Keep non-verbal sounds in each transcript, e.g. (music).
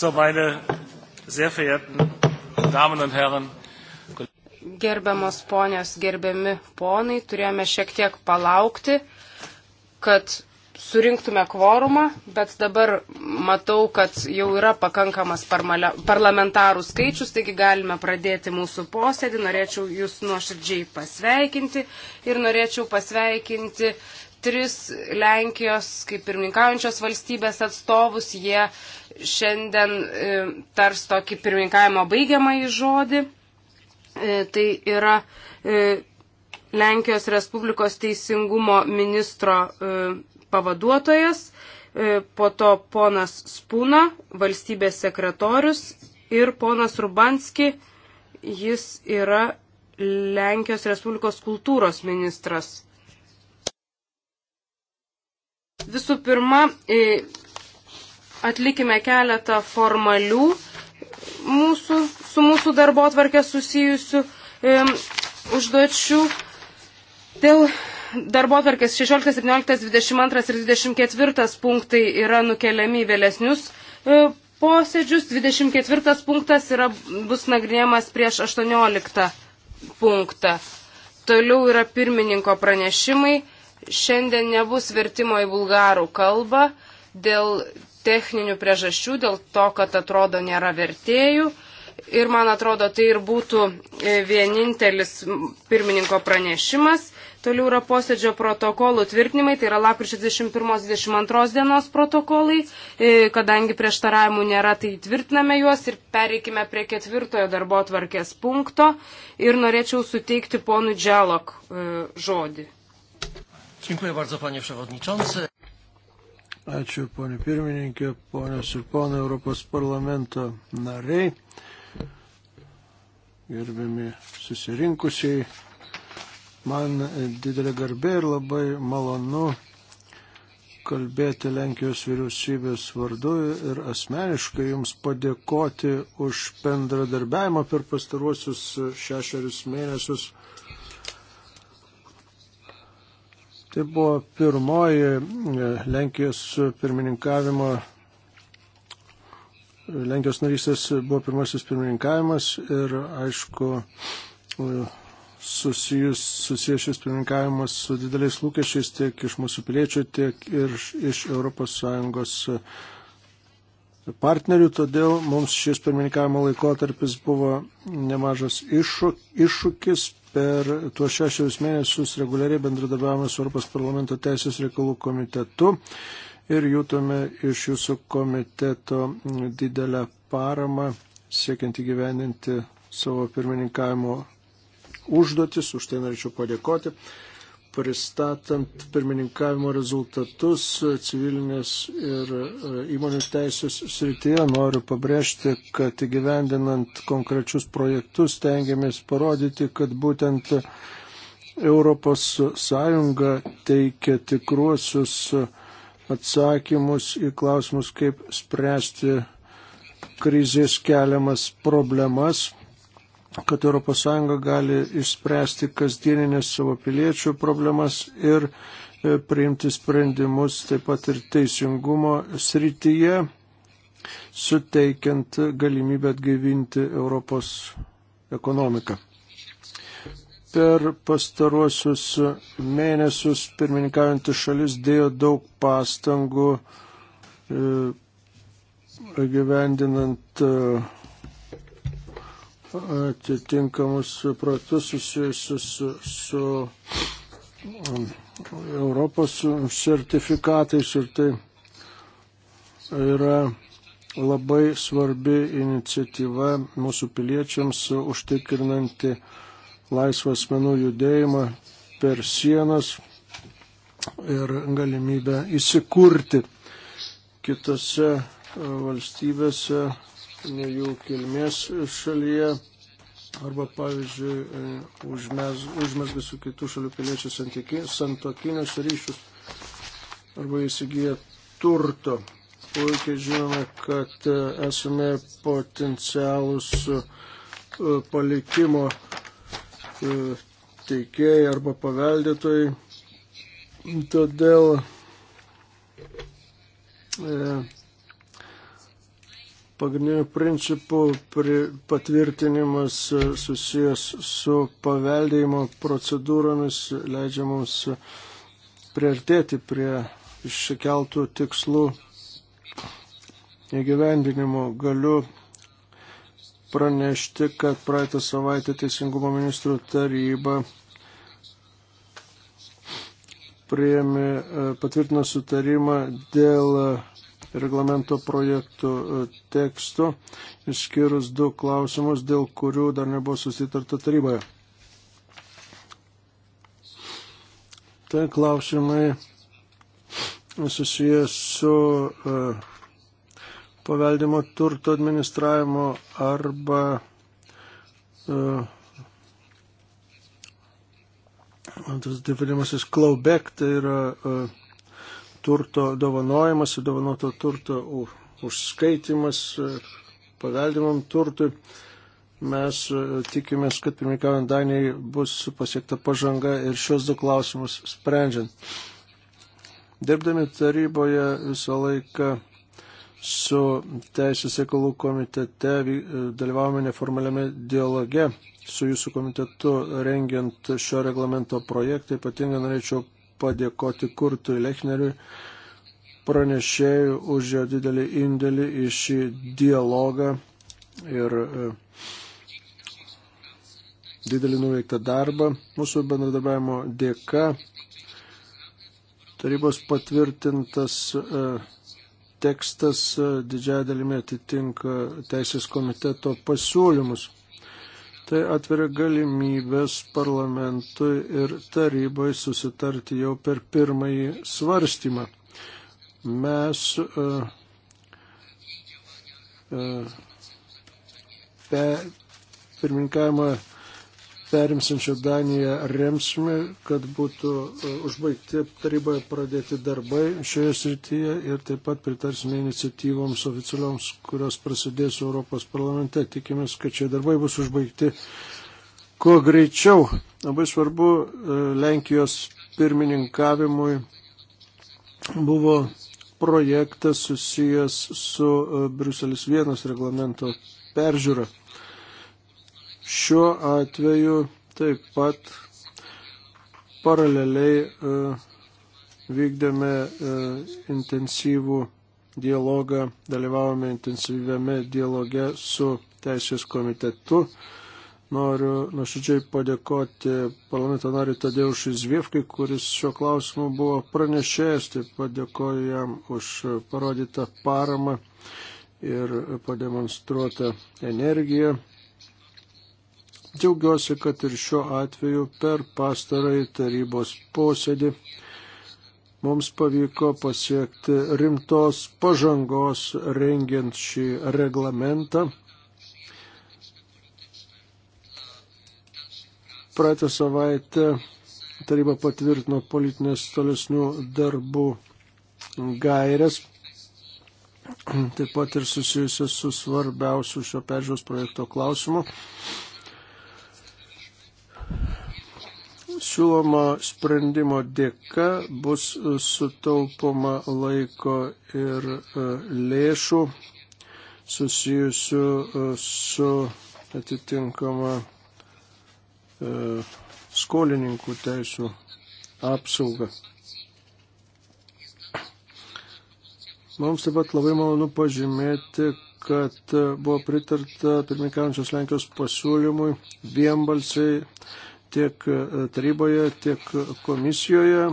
So, meine sehr verehrten Damen und Herren. Gerbiamos ponios, gerbiami ponai, turėjome šiek tiek palaukti, kad surinktume kvorumą, bet dabar matau, kad jau yra pakankamas parlamentarų skaičius, taigi galime pradėti mūsų posėdį. Norėčiau jūs nuoširdžiai pasveikinti ir norėčiau pasveikinti tris Lenkijos kaip pirmininkaujančios valstybės atstovus. Jie šiandien e, tars tokį pirmininkavimo baigiamąjį žodį. E, tai yra e, Lenkijos Respublikos teisingumo ministro pavaduotojas, po to ponas Spūna, valstybės sekretorius ir ponas Rubanski, jis yra Lenkijos Respublikos kultūros ministras. Visų pirma, e, atlikime keletą formalių mūsų, su mūsų darbo atvarkė susijusių e, užduočių. Dėl darbo atvarkės 16, 17, 22 ir 24 punktai yra nukeliami į vėlesnius e, posėdžius. 24 punktas yra, bus nagrinėjamas prieš 18 punktą. Toliau yra pirmininko pranešimai. Šiandien nebus vertimo į bulgarų kalbą dėl techninių priežasčių, dėl to, kad atrodo nėra vertėjų. Ir man atrodo, tai ir būtų e, vienintelis pirmininko pranešimas. Toliau yra posėdžio protokolų tvirtinimai, tai yra lapkričio 21-22 dienos protokolai. E, kadangi prieštaravimų nėra, tai tvirtiname juos ir pereikime prie ketvirtojo darbo tvarkės punkto. Ir norėčiau suteikti ponui Dželok e, žodį. Dziękuję bardzo, panie przewodniczący. Ačiū, ponė pirmininkė, ponės ir ponai Europos parlamento nariai, gerbiami susirinkusiai. Man didelė garbė ir labai malonu kalbėti Lenkijos vyriausybės vardu ir asmeniškai Jums padėkoti už bendradarbiavimą per pastaruosius šešerius mėnesius Tai buvo pirmoji e, Lenkijos pirmininkavimo, e, Lenkijos narystės buvo pirmasis pirmininkavimas ir aišku, e, susijus, susijęs šis pirmininkavimas su dideliais lūkesčiais tiek iš mūsų piliečių, tiek ir iš ES partnerių, todėl mums šis pirmininkavimo laikotarpis buvo nemažas iššūk, iššūkis. Per tuos šešius mėnesius reguliariai bendradarbiavome su Europos parlamento teisės reikalų komitetu ir jūtame iš jūsų komiteto didelę paramą siekiant įgyveninti savo pirmininkavimo užduotis. Už tai norėčiau padėkoti pristatant pirmininkavimo rezultatus civilinės ir e, įmonių teisės srityje, noriu pabrėžti, kad įgyvendinant konkrečius projektus tengiamės parodyti, kad būtent Europos Sąjunga teikia tikruosius atsakymus į klausimus, kaip spręsti krizės keliamas problemas kad ES gali išspręsti kasdieninės savo piliečių problemas ir e, priimti sprendimus taip pat ir teisingumo srityje, suteikiant galimybę atgaivinti Europos ekonomiką. Per pastaruosius mėnesius pirmininkaujantis šalis dėjo daug pastangų gyvendinant e, atitinkamus projektus susijusius su, su um, Europos sertifikatais ir tai yra labai svarbi iniciatyva mūsų piliečiams užtikrinanti laisvą asmenų judėjimą per sienas ir galimybę įsikurti kitose uh, valstybėse ne jų kilmės šalyje arba, pavyzdžiui, užmes, užmesga su kitų šalių piliečių santokinius ryšius arba įsigyja turto. Puikiai žinome, kad e, esame potencialus e, palikimo e, teikėjai arba paveldėtojai. Todėl e, Pagrindinių principų patvirtinimas e, susijęs su paveldėjimo procedūromis leidžia mums priartėti prie iškeltų tikslų įgyvendinimo. Galiu pranešti, kad praeitą savaitę Teisingumo ministrų taryba prieimi, patvirtino sutarimą dėl reglamento projektų e, teksto, išskyrus du klausimus, dėl kurių dar nebuvo susitarta taryboje. Tai klausimai susijęs su e, paveldimo turto administravimo arba e, tas taip vadinamasis clawback, tai yra uh, turto dovanojimas, sudovanoto turto užskaitimas e, paveldimam turtui. Mes e, tikimės, kad pirmininkaujant Danijai bus pasiekta pažanga ir šios du klausimus sprendžiant. Dirbdami taryboje visą laiką su Teisės reikalų komitete e, dalyvavome neformaliame dialoge su jūsų komitetu rengiant šio reglamento projektą. Ypatingai norėčiau padėkoti Kurtui Lechneriui pranešėjų už jo didelį indėlį į šį dialogą ir e, didelį nuveiktą darbą. Mūsų bendradarbiavimo dėka tarybos patvirtintas e, tekstas e, didžiąją dalimi atitinka Teisės komiteto pasiūlymus. Tai atveria galimybės parlamentui ir tarybai susitarti jau per pirmąjį svarstymą. Mes uh, uh, pe, pirmininkavimo uh, perimsinčią Daniją remsime, kad būtų e, užbaigti taryboje pradėti darbai šioje srityje ir taip pat pritarsime iniciatyvoms oficialioms, kurios prasidės Europos parlamente. Tikimės, kad šie darbai bus užbaigti kuo greičiau. Labai svarbu e, Lenkijos pirmininkavimui buvo projektas susijęs su e, Bruselis vienas reglamento peržiūra. Šiuo atveju taip pat paraleliai e, vykdėme e, intensyvų dialogą, dalyvavome intensyviame dialoge su Teisės komitetu. Noriu nuoširdžiai padėkoti parlamento nariui Tadeušui Zviefkai, kuris šiuo klausimu buvo pranešėjęs, taip pat dėkoju jam už parodytą paramą ir pademonstruotą energiją. Džiaugiuosi, kad ir šiuo atveju per pastarąjį tarybos posėdį mums pavyko pasiekti rimtos pažangos rengiant šį reglamentą. Praeitą savaitę taryba patvirtino politinės tolesnių darbų gairias, taip pat ir susijusias su svarbiausiu šio peržiūros projekto klausimu. Siūloma sprendimo dėka bus sutaupoma laiko ir e, lėšų susijusių e, su atitinkama e, skolininkų teisų apsauga. Mums taip pat labai malonu pažymėti, kad e, buvo pritarta pirmininkaujančios Lenkijos pasiūlymui vienbalsiai tiek e, taryboje, tiek komisijoje.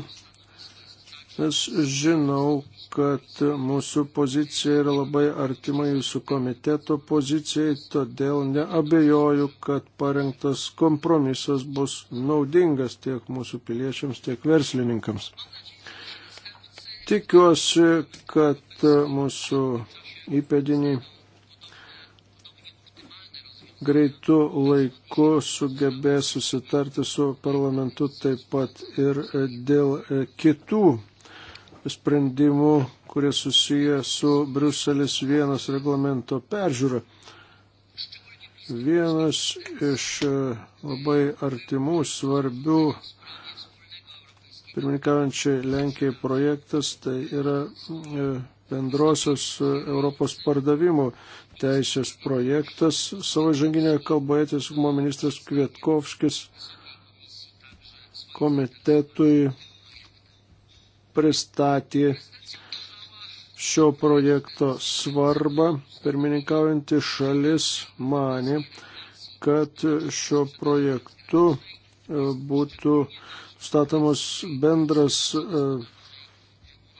Nes žinau, kad mūsų pozicija yra labai artima jūsų komiteto pozicijai, todėl neabejoju, kad parengtas kompromisas bus naudingas tiek mūsų piliečiams, tiek verslininkams. Tikiuosi, kad mūsų įpėdiniai greitų laikų sugebės susitarti su parlamentu taip pat ir e, dėl e, kitų sprendimų, kurie susiję su Bruselis vienas reglamento peržiūra. Vienas iš e, labai artimų, svarbių pirmininkaujančiai Lenkijai projektas tai yra bendrosios e, Europos pardavimų teisės projektas. Savo žanginėje kalboje teisingumo ministras Kvietkovskis komitetui pristatė šio projekto svarbą. Pirmininkaujanti šalis mane, kad šio projektu e, būtų statomos bendras e,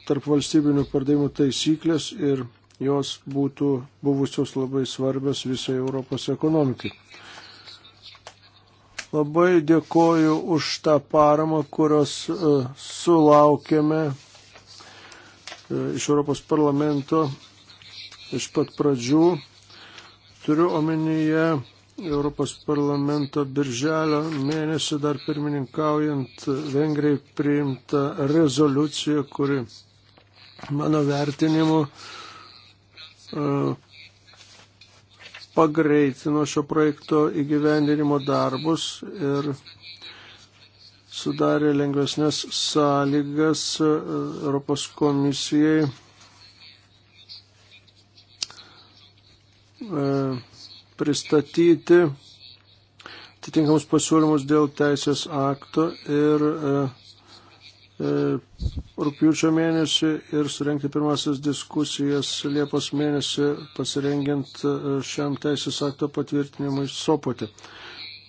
tarp valstybinių pardavimų taisyklės ir jos būtų buvusios labai svarbios visai Europos ekonomikai. Labai dėkoju už tą paramą, kurios uh, sulaukėme uh, iš Europos parlamento iš pat pradžių. Turiu omenyje Europos parlamento birželio mėnesį dar pirmininkaujant Vengrijai priimta rezoliucija, kuri Mano vertinimu e, pagreitino šio projekto įgyvendinimo darbus ir sudarė lengvesnės sąlygas e, Europos komisijai e, pristatyti atitinkamus pasiūlymus dėl teisės akto ir uh, E, rūpiučio mėnesį ir surenkti pirmasis diskusijas Liepos mėnesį pasirengiant e, šiam teisės akto patvirtinimui Sopotė.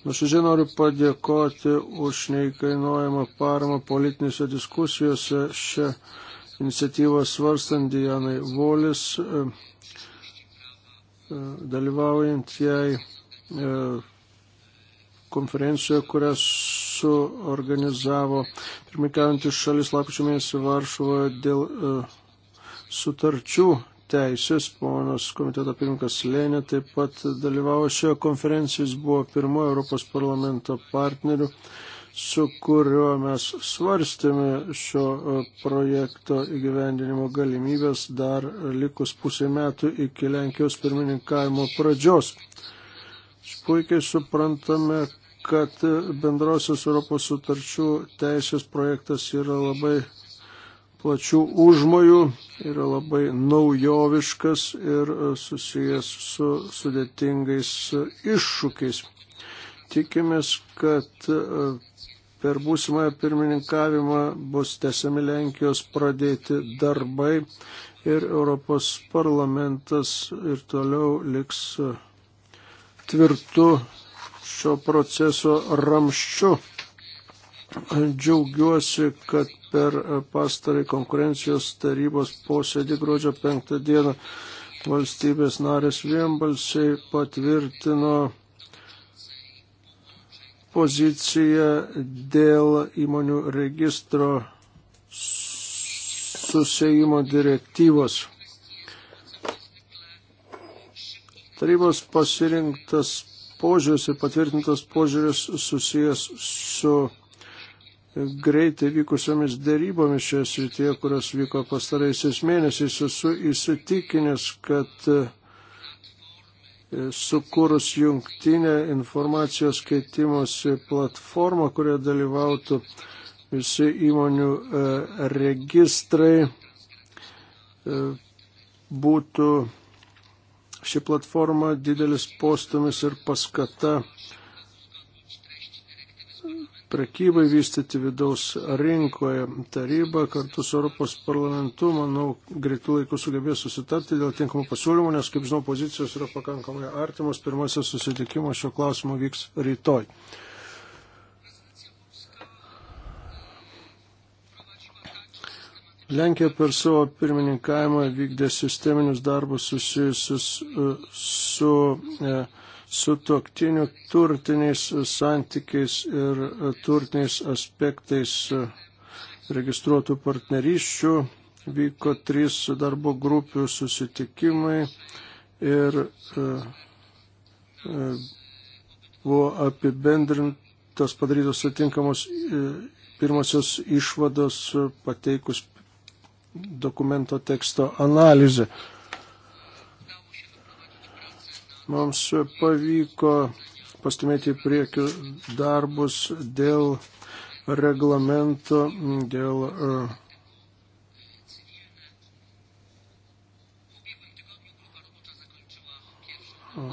Nuoširdžiai noriu padėkoti už neįkainuojamą paramą politinėse diskusijose šią iniciatyvą svarstant Dianai Volis, e, dalyvaujant jai konferencijoje, kurią suorganizavo pirmikaujantis šalis lapkričio mėnesį Varšuvoje dėl uh, sutarčių teisės. Ponas komiteto pirmininkas Lenė taip pat dalyvavo šioje konferencijoje, jis buvo pirmojo Europos parlamento partnerių su kuriuo mes svarstėme šio e, projekto įgyvendinimo galimybės dar likus pusę metų iki Lenkijos pirmininkavimo pradžios puikiai suprantame, kad bendrosios Europos sutarčių teisės projektas yra labai plačių užmojų, yra labai naujoviškas ir susijęs su sudėtingais iššūkiais. Tikimės, kad per būsimąją pirmininkavimą bus tesiami Lenkijos pradėti darbai ir Europos parlamentas ir toliau liks tvirtu šio proceso ramščiu. Džiaugiuosi, kad per pastarį konkurencijos tarybos posėdį gruodžio penktą dieną valstybės narės vienbalsiai patvirtino poziciją dėl įmonių registro susėjimo direktyvos. Tarybos pasirinktas požiūris ir patvirtintas požiūris susijęs su greitai vykusiomis dėrybomis šioje srityje, kurios vyko pastaraisiais mėnesiais. Esu įsitikinęs, kad e, sukūrus jungtinę informacijos keitimosi platformą, kurioje dalyvautų visi įmonių e, registrai, e, būtų Ši platforma didelis postumis ir paskata prekybai vystyti vidaus rinkoje. Taryba kartu su Europos parlamentu, manau, greitų laikų sugebės susitarti dėl tinkamų pasiūlymų, nes, kaip žinau, pozicijos yra pakankamai artimos. Pirmasis susitikimas šio klausimo vyks rytoj. Lenkija per savo pirmininkavimą vykdė sisteminius darbus susijusius e, su, su, e, su toktiniu turtiniais santykiais ir e, turtiniais aspektais registruotų partnerysčių. Vyko trys darbo grupių susitikimai ir buvo apibendrintas padarytos atitinkamos pirmosios išvados pateikus dokumento teksto analizę. Mums pavyko pastumėti į priekį darbus dėl reglamento, dėl e, e,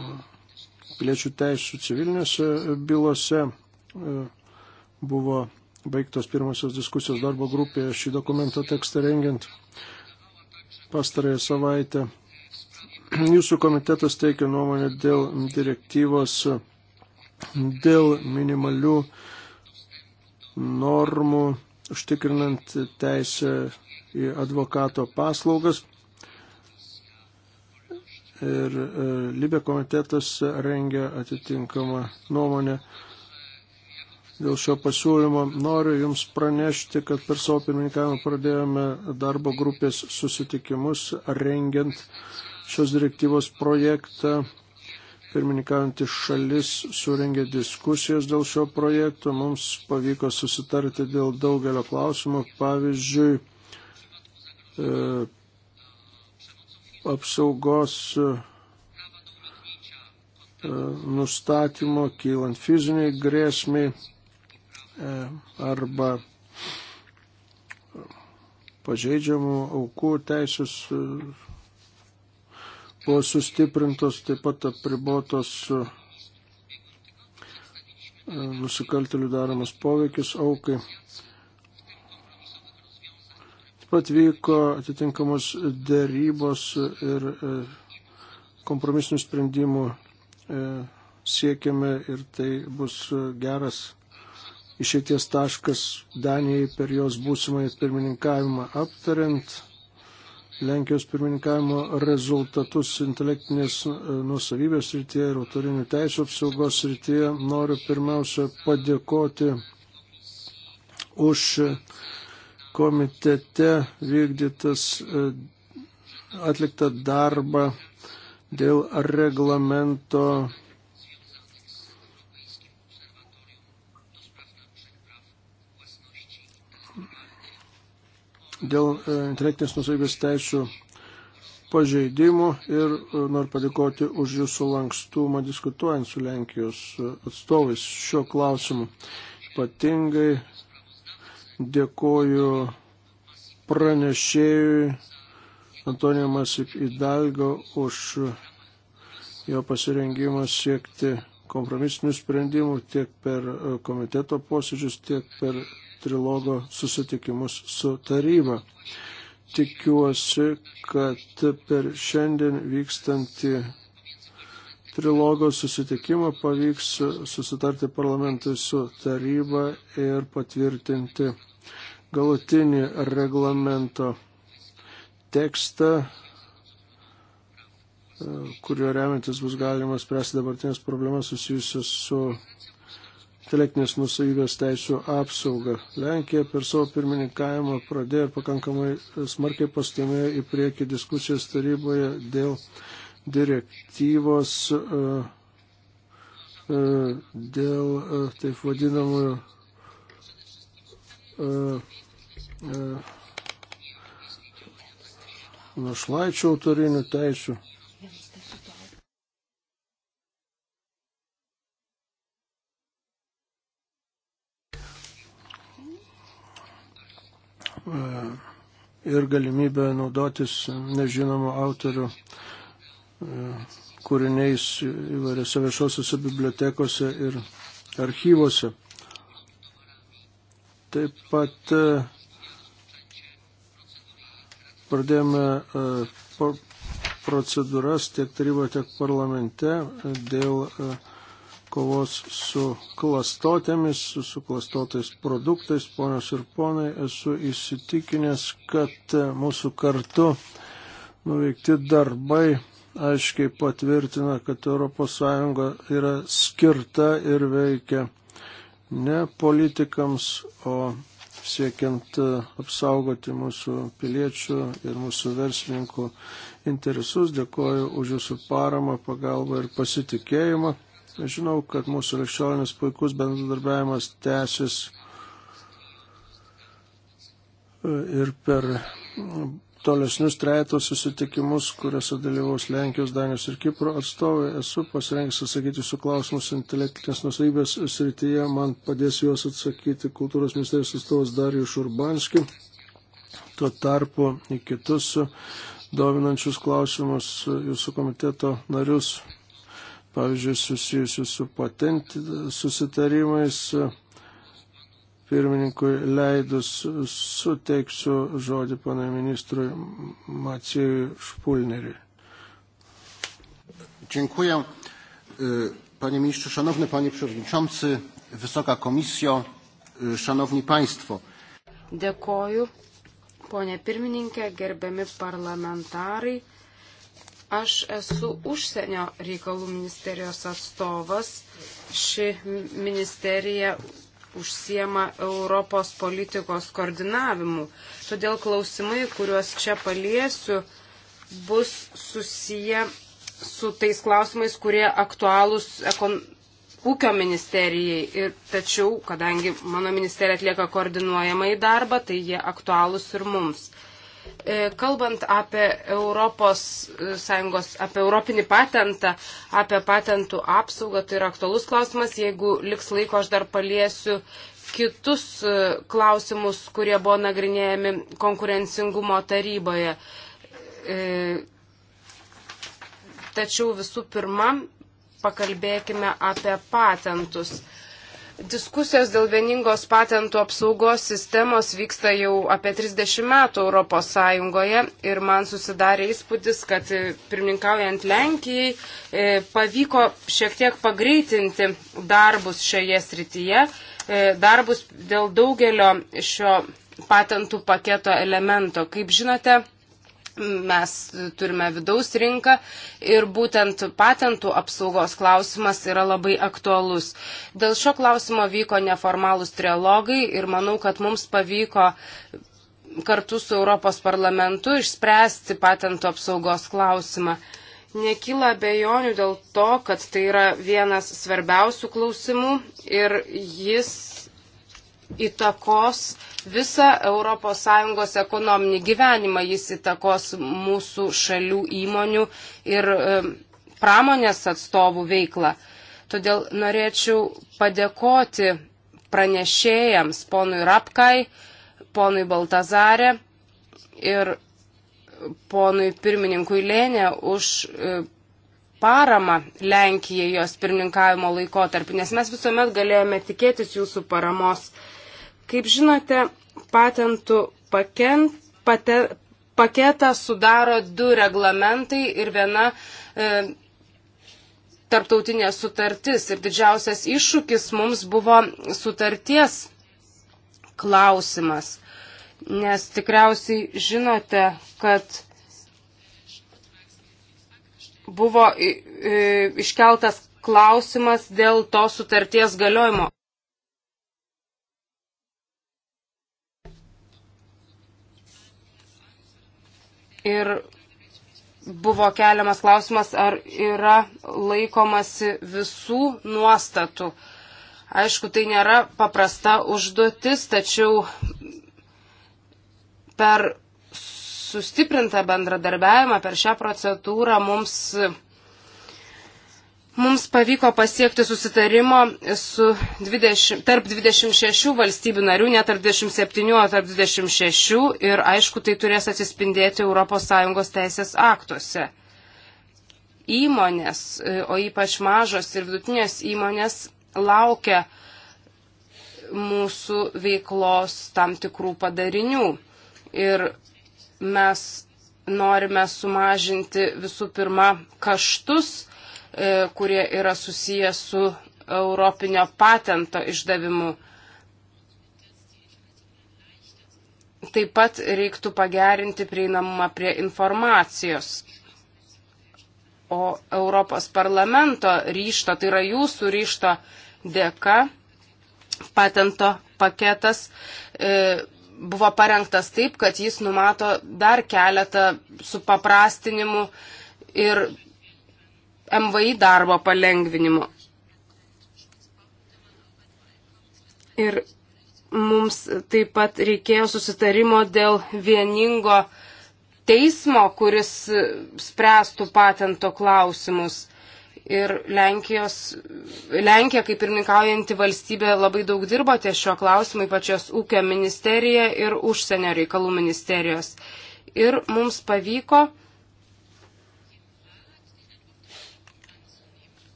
piliečių teisų civilinėse bylose e, buvo baigtos pirmosios diskusijos darbo grupėje šį dokumento tekstą rengiant pastarąją savaitę. Jūsų komitetas teikia nuomonę dėl direktyvos, dėl minimalių normų užtikrinant teisę į advokato paslaugas. Ir e, Libė komitetas rengia atitinkamą nuomonę dėl šio pasiūlymo. Noriu Jums pranešti, kad per savo pirmininkavimą pradėjome darbo grupės susitikimus rengiant šios direktyvos projektą. Pirmininkaujantis šalis surengė diskusijas dėl šio projekto, mums pavyko susitarti dėl daugelio klausimų, pavyzdžiui, e, apsaugos e, nustatymo kylant fiziniai grėsmiai E, arba pažeidžiamų aukų teisės e, buvo sustiprintos, taip pat apribotos e, nusikaltelių daromas poveikis aukai. Taip pat vyko atitinkamos dėrybos ir kompromisinių sprendimų siekiame ir tai bus geras išėties taškas Danijai per jos būsimąjį pirmininkavimą aptariant. Lenkijos pirmininkavimo rezultatus intelektinės e, nusavybės rytyje ir autorinių teisų apsaugos rytyje noriu pirmiausia padėkoti už komitete vykdytas e, atliktą darbą dėl reglamento dėl e, intelektinės nusavybės teisų pažeidimų ir e, noriu padėkoti už jūsų lankstumą diskutuojant su Lenkijos e, atstovais šiuo klausimu. Ypatingai dėkoju pranešėjui Antonijo Masip Idalgo už jo pasirengimą siekti kompromisinių sprendimų tiek per komiteto posėdžius, tiek per trilogo susitikimus su taryba. Tikiuosi, kad per šiandien vykstantį trilogo susitikimą pavyks susitarti parlamentui su taryba ir patvirtinti galutinį reglamento tekstą, kurio remiantis bus galima spręsti dabartinės problemas susijusios su intelektinės nusavybės teisų apsaugą. Lenkija per savo pirmininkavimą pradėjo pakankamai smarkiai pastumėjo į priekį diskusijas taryboje dėl direktyvos, e, e, dėl e, taip vadinamojo našlaičių autorinių teisų. E, ir galimybę naudotis nežinomų autorių e, kūriniais įvairiose viešosiuose bibliotekose ir archyvose. Taip pat e, pradėjome procedūras tiek taryboje, tiek parlamente dėl uh, kovos su klastotėmis, su, su klastotais produktais. Ponios ir ponai, esu įsitikinęs, kad mūsų kartu nuveikti darbai aiškiai patvirtina, kad ES yra skirta ir veikia ne politikams, o siekiant apsaugoti mūsų piliečių ir mūsų verslininkų interesus. Dėkoju už jūsų paramą, pagalbą ir pasitikėjimą. Žinau, kad mūsų likščioninis puikus bendradarbiavimas tęsis e, ir per tolesnius trejato susitikimus, kuriuose dalyvaus Lenkijos, Danijos ir Kipro atstovai. Esu pasirengęs atsakyti su klausimus intelektinės nusavybės srityje. Man padės juos atsakyti kultūros ministerijos atstovas Darijus Urbanski. Tuo tarpu į kitus dominančius klausimus jūsų komiteto narius pavyzdžiui, susijusių su patent susitarimais. Pirmininkui leidus suteiksiu žodį panai ministrui Macijui Špulneriui. Dziękuję. E, panie ministrze, szanowny panie przewodniczący, wysoka komisjo, e, szanowni państwo. Dėkoju, ponė pirmininkė, gerbiami parlamentarai. Aš esu užsienio reikalų ministerijos atstovas. Ši ministerija užsiema Europos politikos koordinavimu. Todėl klausimai, kuriuos čia paliesiu, bus susiję su tais klausimais, kurie aktualūs ekon... ūkio ministerijai. Ir, tačiau, kadangi mano ministerija atlieka koordinuojamą į darbą, tai jie aktualūs ir mums. E, kalbant apie Europos e, Sąjungos, apie Europinį patentą, apie patentų apsaugą, tai yra aktualus klausimas. Jeigu liks laiko, aš dar paliesiu kitus e, klausimus, kurie buvo nagrinėjami konkurencingumo taryboje. Tačiau visų pirma, pakalbėkime apie patentus. Diskusijos dėl vieningos patentų apsaugos sistemos vyksta jau apie 30 metų Europos Sąjungoje ir man susidarė įspūdis, kad e, pirmininkaujant Lenkijai e, pavyko šiek tiek pagreitinti darbus šioje srityje, e, darbus dėl daugelio šio patentų paketo elemento. Kaip žinote, Mes turime vidaus rinką ir būtent patentų apsaugos klausimas yra labai aktualus. Dėl šio klausimo vyko neformalūs trilogai ir manau, kad mums pavyko kartu su Europos parlamentu išspręsti patentų apsaugos klausimą. Nekyla bejonių dėl to, kad tai yra vienas svarbiausių klausimų ir jis įtakos visą ES ekonominį gyvenimą, jis įtakos mūsų šalių įmonių ir e, pramonės atstovų veiklą. Todėl norėčiau padėkoti pranešėjams, ponui Rapkai, ponui Baltazarė ir ponui pirmininkui Lėnė už e, paramą Lenkijai jos pirmininkavimo laikotarpį, nes mes visuomet galėjome tikėtis jūsų paramos uh, Kaip žinote, patentų paken, pate, paketą sudaro du reglamentai ir viena e, tarptautinė sutartis. Ir didžiausias iššūkis mums buvo sutarties klausimas. Nes tikriausiai žinote, kad buvo iškeltas klausimas dėl to sutarties galiojimo. ir buvo keliamas klausimas, ar yra laikomasi visų nuostatų. Aišku, tai nėra paprasta užduotis, tačiau per sustiprintą bendradarbiavimą, per šią procedūrą mums Mums pavyko pasiekti susitarimo su 20, tarp 26 valstybių narių, ne tarp 27, o tarp 26 ir aišku, tai turės atsispindėti ES teisės aktuose. Įmonės, o ypač mažos ir vidutinės įmonės, laukia mūsų veiklos tam tikrų padarinių. Ir mes norime sumažinti visų pirma kaštus, E, kurie yra susiję su europinio patento išdavimu. Taip pat reiktų pagerinti prieinamumą prie informacijos. O Europos parlamento ryšto, tai yra jūsų ryšto dėka, patento paketas e, buvo parengtas taip, kad jis numato dar keletą supaprastinimų ir MVI darbo palengvinimu. Ir mums taip pat reikėjo susitarimo dėl vieningo teismo, kuris spręstų patento klausimus. Ir Lenkijos, Lenkija, kaip pirmininkaujanti valstybė, labai daug dirbo ties šio klausimu, ypač jos ūkio ministerija ir užsienio reikalų ministerijos. Ir mums pavyko uh,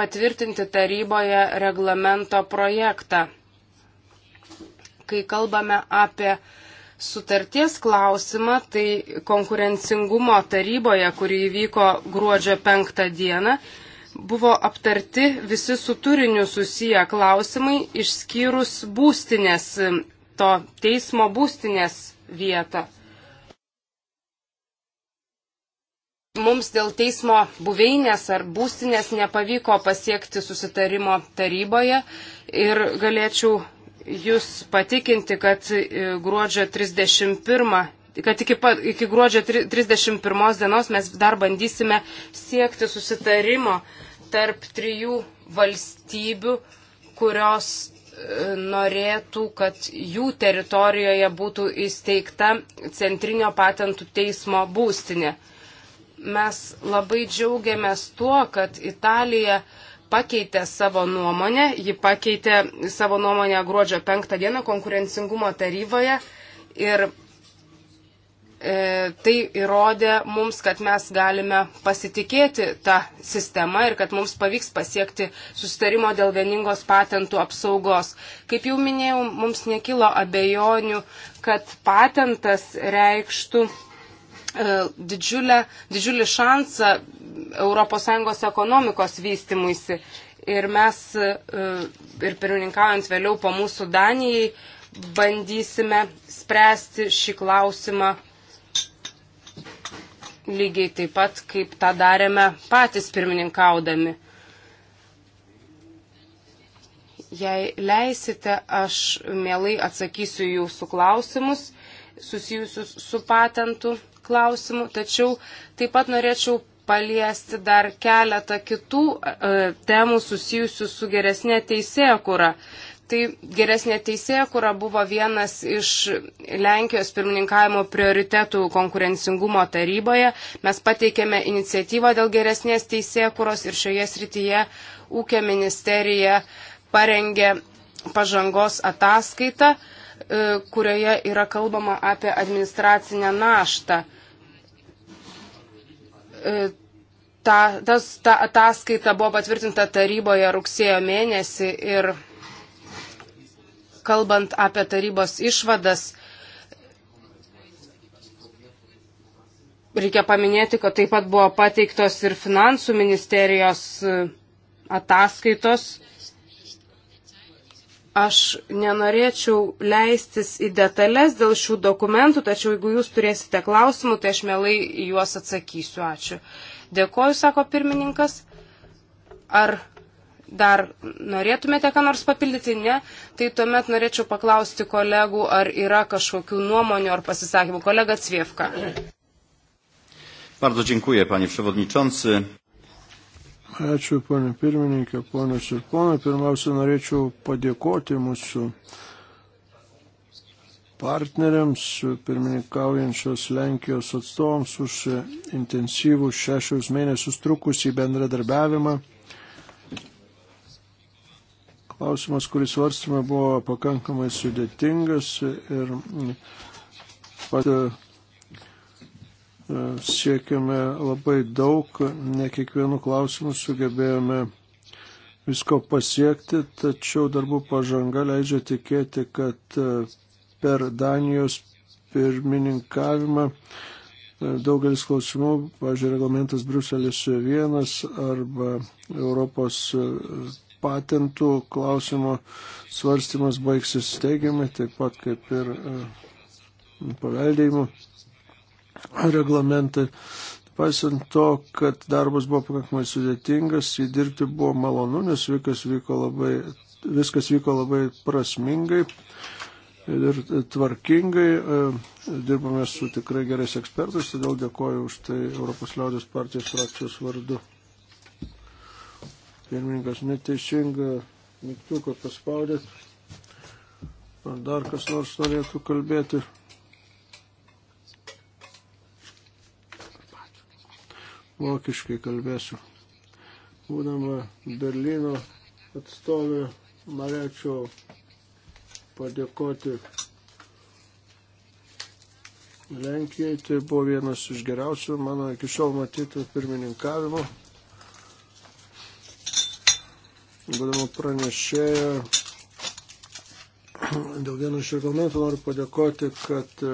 patvirtinti taryboje reglamento projektą. Kai kalbame apie sutarties klausimą, tai konkurencingumo taryboje, kuri įvyko gruodžio penktą dieną, buvo aptarti visi su turiniu susiję klausimai, išskyrus būstinės, to teismo būstinės vietą. mums dėl teismo buveinės ar būstinės nepavyko pasiekti susitarimo taryboje ir galėčiau jūs patikinti, kad e, gruodžio 31 kad iki, pa, iki gruodžio 31 dienos mes dar bandysime siekti susitarimo tarp trijų valstybių, kurios e, norėtų, kad jų teritorijoje būtų įsteigta Centrinio patentų teismo būstinė. Mes labai džiaugiamės tuo, kad Italija pakeitė savo nuomonę, ji pakeitė savo nuomonę gruodžio penktą dieną konkurencingumo taryboje ir e, tai įrodė mums, kad mes galime pasitikėti tą sistemą ir kad mums pavyks pasiekti sustarimo dėl vieningos patentų apsaugos. Kaip jau minėjau, mums nekilo abejonių, kad patentas reikštų E, didžiulę, didžiulį šansą ES ekonomikos vystimuisi. Ir mes, e, ir pirmininkaujant vėliau po mūsų Danijai, bandysime spręsti šį klausimą lygiai taip pat, kaip tą darėme patys pirmininkaudami. Jei leisite, aš mielai atsakysiu jūsų klausimus susijusius su patentu klausimų, tačiau taip pat norėčiau paliesti dar keletą kitų e, temų susijusių su geresnė teisėkura. Tai geresnė teisėkura buvo vienas iš Lenkijos pirmininkavimo prioritetų konkurencingumo taryboje. Mes pateikėme iniciatyvą dėl geresnės teisėkuros ir šioje srityje ūkio ministerija parengė pažangos ataskaitą, e, kurioje yra kalbama apie administracinę naštą. E, ta, tas, ta ataskaita buvo patvirtinta taryboje rugsėjo mėnesį ir kalbant apie tarybos išvadas, reikia paminėti, kad taip pat buvo pateiktos ir finansų ministerijos e, ataskaitos Aš nenorėčiau leistis į detalės dėl šių dokumentų, tačiau jeigu jūs turėsite klausimų, tai aš mielai juos atsakysiu. Ačiū. Dėkoju, sako pirmininkas. Ar dar norėtumėte ką nors papildyti? Ne. Tai tuomet norėčiau paklausti kolegų, ar yra kažkokių nuomonių ar pasisakymų. Kolega Cvievka. Bardzo dziękuję, panie przewodniczący. Ačiū, ponė pirmininkė, ponas ir ponai. Pirmiausia, norėčiau padėkoti mūsų partneriams, pirmininkaujančios Lenkijos atstovams už intensyvų šešiaus mėnesius trukusį bendradarbiavimą. Klausimas, kuris svarstame, buvo pakankamai sudėtingas ir pat siekėme labai daug, ne kiekvienu klausimu sugebėjome visko pasiekti, tačiau darbų pažanga leidžia tikėti, kad e, per Danijos pirmininkavimą e, daugelis klausimų, pažiūrėjau, reglamentas Bruselis 1 arba Europos e, patentų klausimo svarstymas baigsis teigiamai, taip pat kaip ir paveldėjimo reglamentą. Paisant to, kad darbas buvo pakankamai sudėtingas, įdirbti buvo malonu, nes viskas vyko labai, viskas vyko labai prasmingai ir tvarkingai. E, dirbame su tikrai gerais ekspertais, todėl dėkoju už tai Europos liaudės partijos frakcijos vardu. Pirmininkas neteisinga mygtuką paspaudėt. Ar dar kas nors norėtų kalbėti? vokiškai kalbėsiu. Būdama Berlyno atstovė, norėčiau padėkoti Lenkijai. Tai buvo vienas iš geriausių mano iki šiol matytų pirmininkavimo. Būdama pranešėja dėl vieno iš reglamentų noriu padėkoti, kad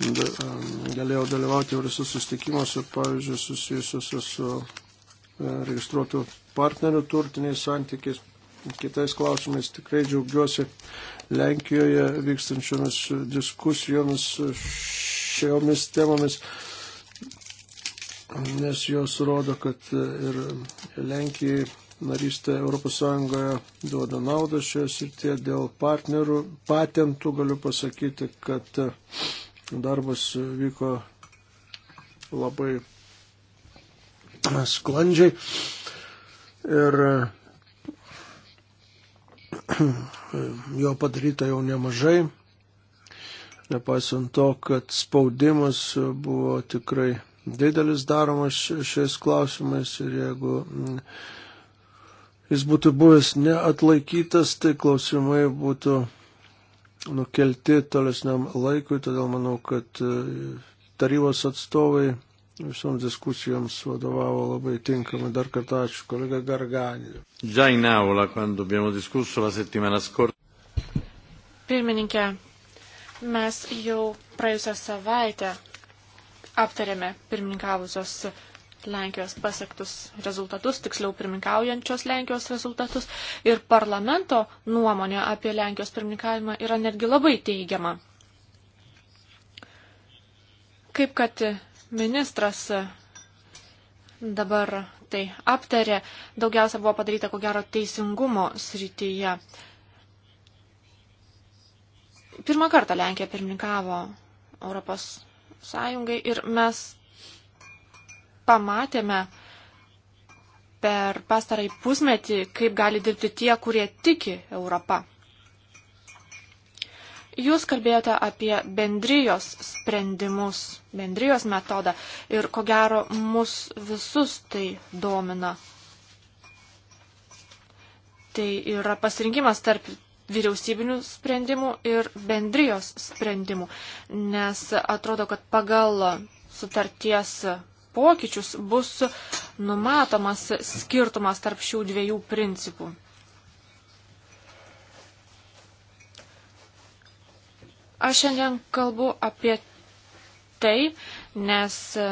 galėjau dalyvauti įvairiuose sustikimuose, pavyzdžiui, susijusiuose su e, registruotų partnerių turtiniais santykiais. Kitais klausimais tikrai džiaugiuosi Lenkijoje vykstančiomis diskusijomis šiomis temomis, nes jos rodo, kad ir Lenkijai narystė ES duoda naudą šioje srityje dėl partnerių patentų. Galiu pasakyti, kad Darbas vyko labai sklandžiai ir (clears throat) jo padaryta jau nemažai, nepaisant to, kad spaudimas buvo tikrai didelis daromas šiais klausimais ir jeigu mm, jis būtų buvęs neatlaikytas, tai klausimai būtų nukelti tolesniam laikui, todėl manau, kad e, tarybos atstovai visoms diskusijoms vadovavo labai tinkamai. Dar kartą ačiū, kolega Garganė. Già in aula, quando abbiamo discusso la settimana scorsa. Pirmininkė, mes jau praėjusią savaitę aptarėme pirmininkavusios Lenkijos pasiektus rezultatus, tiksliau pirmininkaujančios Lenkijos rezultatus ir parlamento nuomonė apie Lenkijos pirmininkavimą yra netgi labai teigiama. Kaip kad ministras dabar tai aptarė, daugiausia buvo padaryta ko gero teisingumo srityje. Pirmą kartą Lenkija pirmininkavo Europos sąjungai ir mes pamatėme per pastarąjį pusmetį, kaip gali dirbti tie, kurie tiki Europą. Jūs kalbėjote apie bendrijos sprendimus, bendrijos metodą ir ko gero mus visus tai domina. Tai yra pasirinkimas tarp vyriausybinių sprendimų ir bendrijos sprendimų, nes atrodo, kad pagal sutarties pokyčius bus numatomas skirtumas tarp šių dviejų principų. Aš šiandien kalbu apie tai, nes e,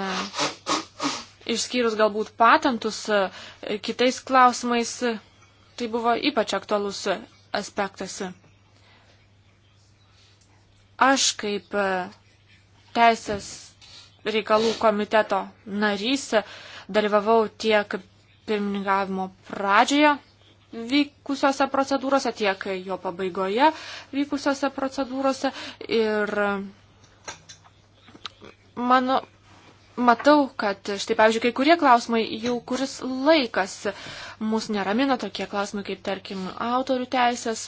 išskyrus galbūt patentus, e, kitais klausimais e, tai buvo ypač aktualus aspektas. Aš kaip teisės reikalų komiteto narys, dalyvavau tiek pirmininkavimo pradžioje vykusiose procedūrose, tiek jo pabaigoje vykusiose procedūrose ir mano, matau, kad štai, pavyzdžiui, kai kurie klausimai jau kuris laikas mus neramina, tokie klausimai kaip, tarkim, autorių teisės,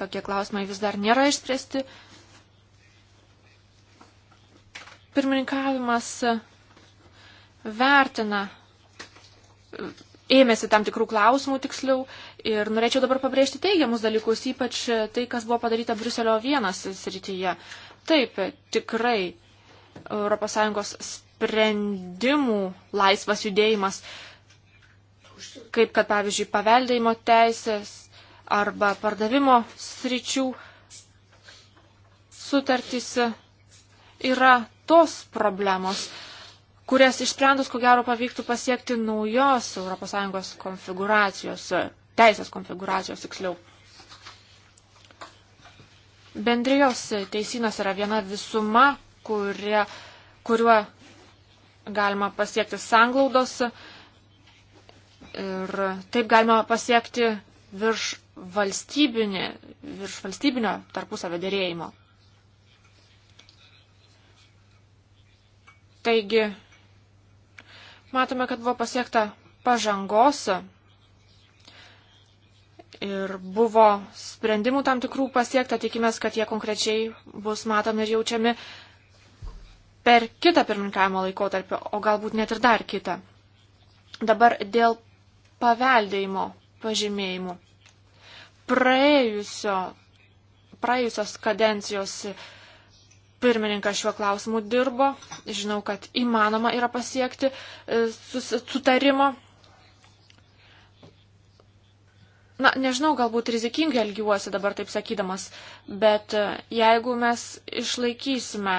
tokie klausimai vis dar nėra išspręsti pirmininkavimas vertina, ėmėsi tam tikrų klausimų tiksliau ir norėčiau dabar pabrėžti teigiamus dalykus, ypač tai, kas buvo padaryta Bruselio vienas srityje. Taip, tikrai ES sprendimų laisvas judėjimas, kaip kad pavyzdžiui paveldėjimo teisės arba pardavimo sričių sutartys yra tos problemos, kurias išsprendus, ko gero, pavyktų pasiekti naujos ES konfiguracijos, teisės konfiguracijos tiksliau. Bendrijos teisinas yra viena visuma, kurie, kuriuo galima pasiekti sanglaudos ir taip galima pasiekti virš, valstybinė, virš valstybinio tarpusavio dėrėjimo. Taigi, matome, kad buvo pasiekta pažangos ir buvo sprendimų tam tikrų pasiekta, tikimės, kad jie konkrečiai bus matomi ir jaučiami per kitą pirmininkavimo laikotarpį, o galbūt net ir dar kitą. Dabar dėl paveldėjimo pažymėjimų. Praėjusio, praėjusios kadencijos pirmininkas šiuo klausimu dirbo. Žinau, kad įmanoma yra pasiekti e, sutarimo. Na, nežinau, galbūt rizikingai elgiuosi dabar taip sakydamas, bet e, jeigu mes išlaikysime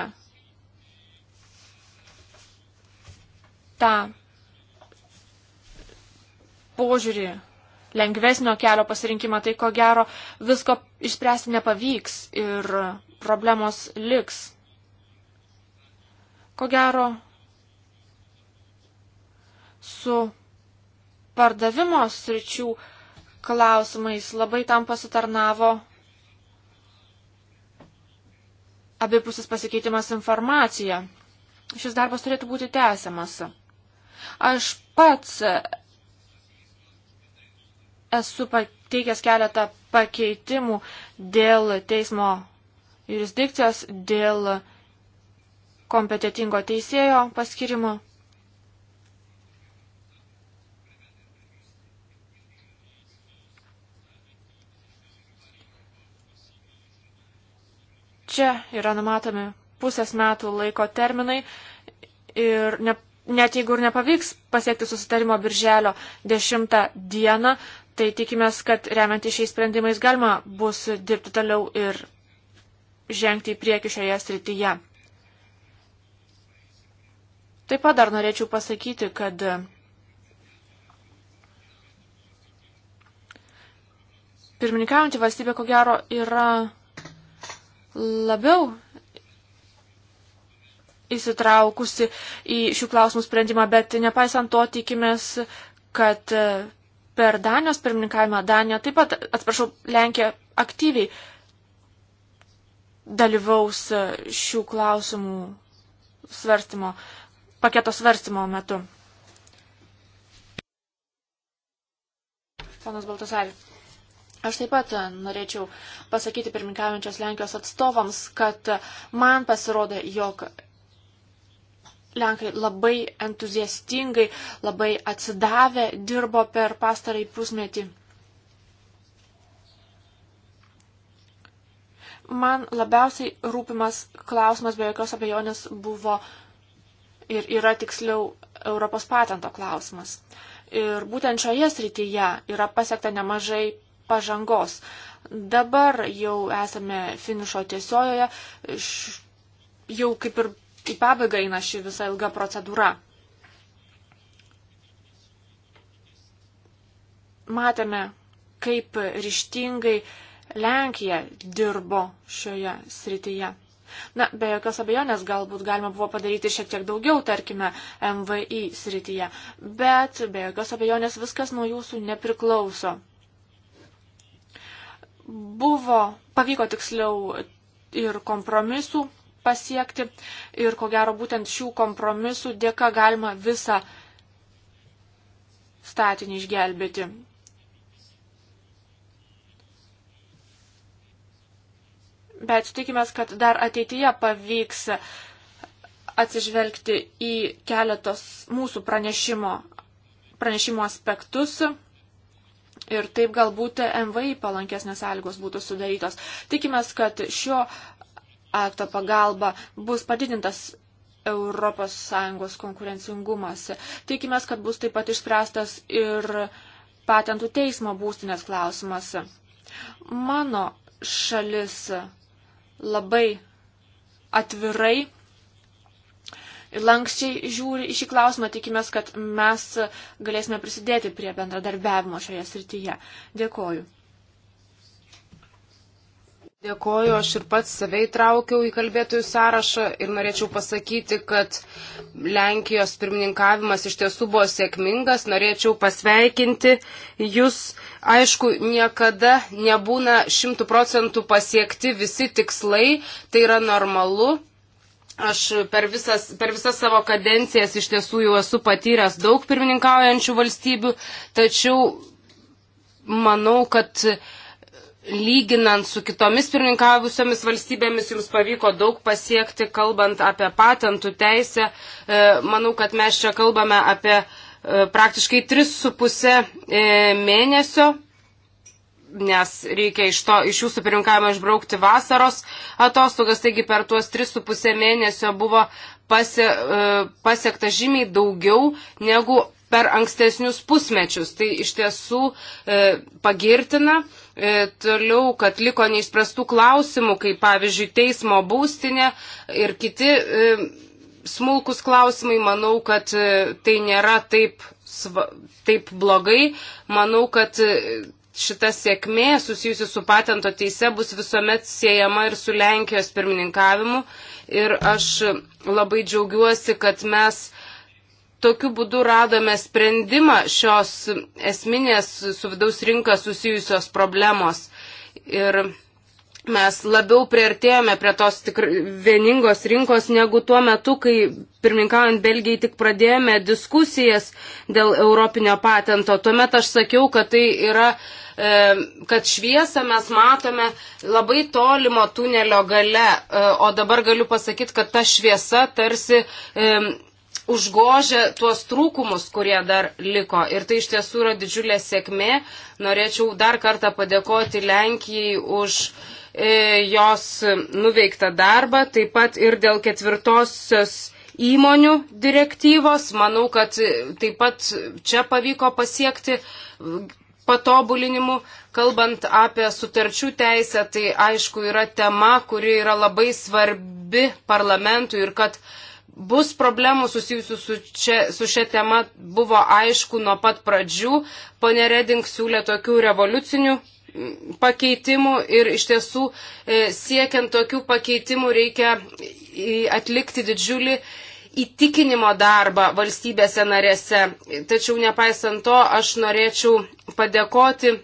tą požiūrį lengvesnio kelio pasirinkimą, tai ko gero visko išspręsti nepavyks ir problemos liks. Ko gero, su pardavimo sričių klausimais labai tam pasitarnavo abipusis pasikeitimas informacija. Šis darbas turėtų būti tęsiamas. Aš pats esu pateikęs keletą pakeitimų dėl teismo jurisdikcijos dėl kompetitingo teisėjo paskirimo. Čia yra numatomi pusės metų laiko terminai ir ne, net jeigu ir nepavyks pasiekti susitarimo birželio 10 dieną, tai tikimės, kad remiant į šiais sprendimais galima bus dirbti toliau ir žengti į priekį šioje srityje. Taip pat dar norėčiau pasakyti, kad pirmininkaujantį valstybę, ko gero, yra labiau įsitraukusi į šių klausimų sprendimą, bet nepaisant to tikimės, kad per Danijos pirmininkavimą Danija taip pat, atsiprašau, Lenkija aktyviai dalyvaus šių klausimų svarstymo, paketo svarstymo metu. Panas Baltasarė. Aš taip pat norėčiau pasakyti pirminkaujančios Lenkijos atstovams, kad man pasirodė, jog Lenkai labai entuziastingai, labai atsidavę dirbo per pastarąjį pusmetį. Man labiausiai rūpimas klausimas be jokios abejonės buvo ir yra tiksliau Europos patento klausimas. Ir būtent šioje srityje yra pasiekta nemažai pažangos. Dabar jau esame finišo tiesiojoje, jau kaip ir į pabaigą eina ši visa ilga procedūra. Matėme, kaip ryštingai Lenkija dirbo šioje srityje. Na, be jokios abejonės galbūt galima buvo padaryti šiek tiek daugiau, tarkime, MVI srityje, bet be jokios abejonės viskas nuo jūsų nepriklauso. Buvo, pavyko tiksliau ir kompromisų pasiekti ir ko gero būtent šių kompromisų dėka galima visą statinį išgelbėti. bet tikimės, kad dar ateityje pavyks atsižvelgti į keletos mūsų pranešimo, pranešimo aspektus ir taip galbūt MVI palankesnės sąlygos būtų sudarytos. Tikimės, kad šio akto pagalba bus padidintas ES konkurencingumas. Tikimės, kad bus taip pat išspręstas ir patentų teismo būstinės klausimas. Mano šalis labai atvirai ir lankščiai žiūri į šį klausimą. Tikimės, kad mes galėsime prisidėti prie bendradarbiavimo šioje srityje. Dėkoju. Dėkoju, aš ir pats save įtraukiau į kalbėtojų sąrašą ir norėčiau pasakyti, kad Lenkijos pirmininkavimas iš tiesų buvo sėkmingas. Norėčiau pasveikinti jūs. Aišku, niekada nebūna šimtų procentų pasiekti visi tikslai, tai yra normalu. Aš per visas, per visas savo kadencijas iš tiesų jau esu patyręs daug pirmininkaujančių valstybių, tačiau manau, kad lyginant su kitomis pirmininkavusiomis valstybėmis, jums pavyko daug pasiekti, kalbant apie patentų teisę. E, manau, kad mes čia kalbame apie e, praktiškai 3,5 e, mėnesio, nes reikia iš, to, iš jūsų pirmininkavimo išbraukti vasaros atostogas, taigi per tuos 3,5 mėnesio buvo pasie, pasiekta žymiai daugiau negu per ankstesnius pusmečius. Tai iš tiesų e, pagirtina. E, toliau, kad liko neįspręstų klausimų, kaip pavyzdžiui teismo būstinė ir kiti e, smulkus klausimai, manau, kad e, tai nėra taip, taip blogai. Manau, kad šita sėkmė susijusi su patento teise bus visuomet siejama ir su Lenkijos pirmininkavimu. Ir aš labai džiaugiuosi, kad mes tokiu būdu radome sprendimą šios esminės su vidaus rinka susijusios problemos. Ir mes labiau priartėjome prie tos tikr... vieningos rinkos negu tuo metu, kai pirmininkaujant Belgijai tik pradėjome diskusijas dėl europinio patento. Tuomet aš sakiau, kad tai yra, e, kad šviesą mes matome labai tolimo tunelio gale, e, o dabar galiu pasakyti, kad ta šviesa tarsi e, užgožia tuos trūkumus, kurie dar liko. Ir tai iš tiesų yra didžiulė sėkmė. Norėčiau dar kartą padėkoti Lenkijai už e, jos nuveiktą darbą, taip pat ir dėl ketvirtosios įmonių direktyvos. Manau, kad e, taip pat čia pavyko pasiekti patobulinimų. Kalbant apie sutarčių teisę, tai aišku yra tema, kuri yra labai svarbi parlamentui ir kad e, bus problemų susijusių su, čia, su šia tema, buvo aišku nuo pat pradžių. Pone Reding siūlė tokių revoliucinių pakeitimų ir iš tiesų e, siekiant tokių pakeitimų reikia atlikti didžiulį įtikinimo darbą valstybėse narėse. Tačiau nepaisant to, aš norėčiau padėkoti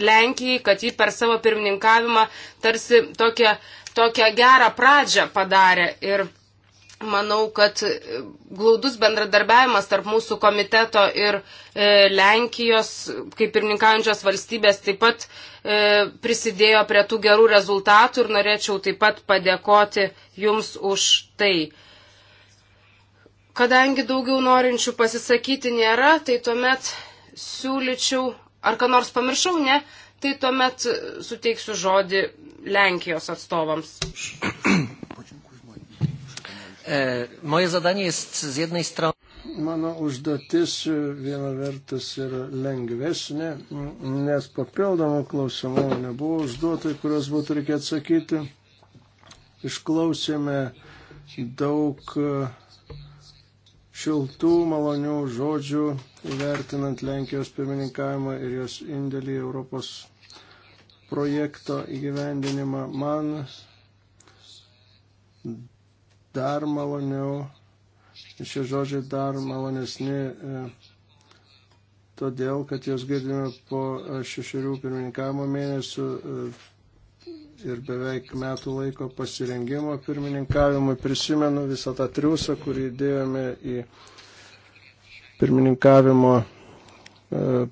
Lenkijai, kad ji per savo pirmininkavimą tarsi tokią, tokią gerą pradžią padarė. Ir Manau, kad glaudus bendradarbiavimas tarp mūsų komiteto ir e, Lenkijos, kaip ir ninkaujančios valstybės, taip pat e, prisidėjo prie tų gerų rezultatų ir norėčiau taip pat padėkoti Jums už tai. Kadangi daugiau norinčių pasisakyti nėra, tai tuomet siūlyčiau, ar ką nors pamiršau, ne, tai tuomet suteiksiu žodį Lenkijos atstovams. (coughs) E, moje zadanie jest z jednej strony. Mano užduotis e, viena vertus yra lengvesnė, nes papildomų klausimų nebuvo užduotai, kuriuos būtų reikia atsakyti. Išklausėme daug e, šiltų, malonių žodžių įvertinant Lenkijos pirmininkavimą ir jos indėlį į Europos projekto įgyvendinimą. Man dar maloniau, šie žodžiai dar malonesni, e, todėl, kad jos girdime po e, šešerių pirmininkavimo mėnesių e, ir beveik metų laiko pasirengimo pirmininkavimui. Prisimenu visą tą triusą, kurį dėjome į pirmininkavimo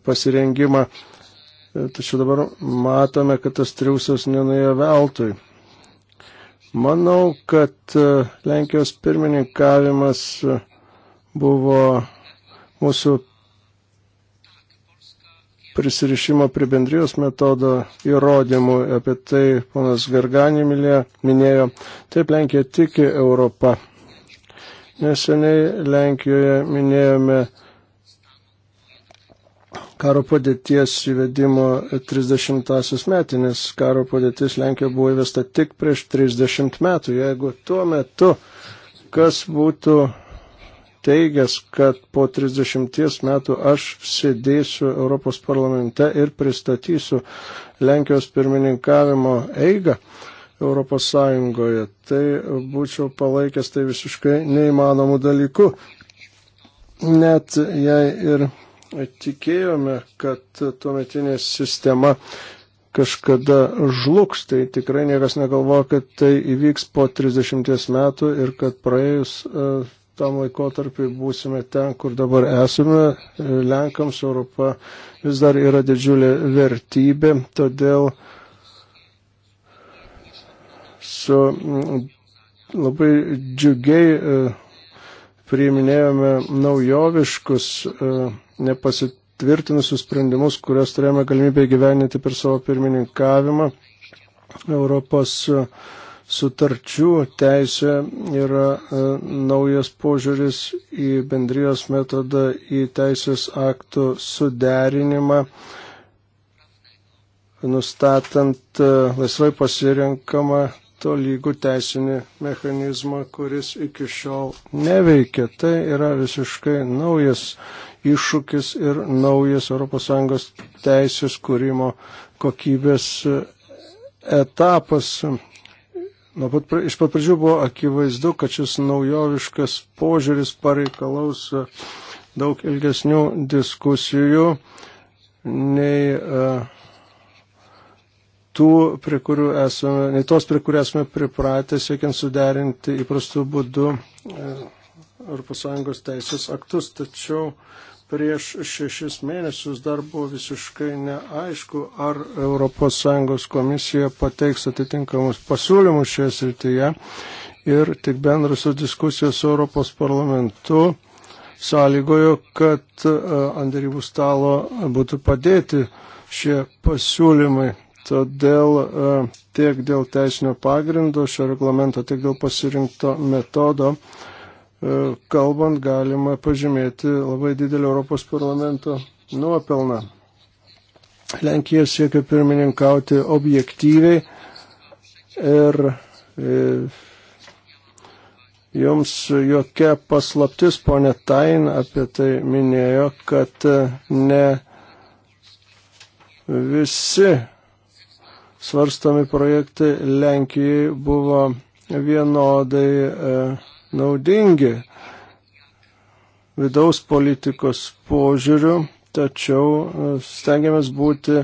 pasirengimą. Tačiau dabar matome, kad tas triusas nenuėjo veltui. Manau, kad e, Lenkijos pirmininkavimas e, buvo mūsų prisirišimo prie bendrijos metodo įrodymų. Apie tai ponas Garganį minėjo. Taip Lenkija tiki Europą. Neseniai Lenkijoje minėjome karo padėties įvedimo 30-asios metinės. Karo padėtis Lenkijoje buvo įvesta tik prieš 30 metų. Jeigu tuo metu kas būtų teigęs, kad po 30 metų aš sėdėsiu Europos parlamente ir pristatysiu Lenkijos pirmininkavimo eigą Europos Sąjungoje, tai būčiau palaikęs tai visiškai neįmanomų dalykų. Net jei ir tikėjome, kad tuometinė sistema kažkada žlugs, tai tikrai niekas negalvoja, kad tai įvyks po 30 metų ir kad praėjus e, tam laikotarpiu būsime ten, kur dabar esame. E, Lenkams Europa vis dar yra didžiulė vertybė, todėl su labai džiugiai e, priiminėjome naujoviškus, e, nepasitvirtinusius sprendimus, kuriuos turėjome galimybę gyveninti per savo pirmininkavimą. Europos e, sutarčių teisė yra e, naujas požiūris į bendrijos metodą, į teisės aktų suderinimą, nustatant laisvai pasirinkamą tolygų teisinį mechanizmą, kuris iki šiol neveikia. Tai yra visiškai naujas iššūkis ir naujas ES teisės kūrimo kokybės etapas. Nuo pat, iš pat pradžių buvo akivaizdu, kad šis naujoviškas požiūris pareikalaus daug ilgesnių diskusijų nei uh, tų, prie kurių esame, nei tos, prie kurių esame pripratę, siekiant suderinti įprastų būdų ES teisės aktus. Tačiau prieš šešis mėnesius dar buvo visiškai neaišku, ar ES komisija pateiks atitinkamus pasiūlymus šioje srityje. Ir tik bendrusios diskusijos su Europos parlamentu sąlygojo, kad e, ant darybų stalo būtų padėti šie pasiūlymai Todėl e, tiek dėl teisinio pagrindo šio reglamento, tiek dėl pasirinkto metodo, e, kalbant, galima pažymėti labai didelį Europos parlamento nuopelną. Lenkija siekia pirmininkauti objektyviai ir e, jums jokia paslaptis, ponė Tain apie tai minėjo, kad ne visi svarstami projektai Lenkijai buvo vienodai e, naudingi vidaus politikos požiūrių, tačiau e, stengiamės būti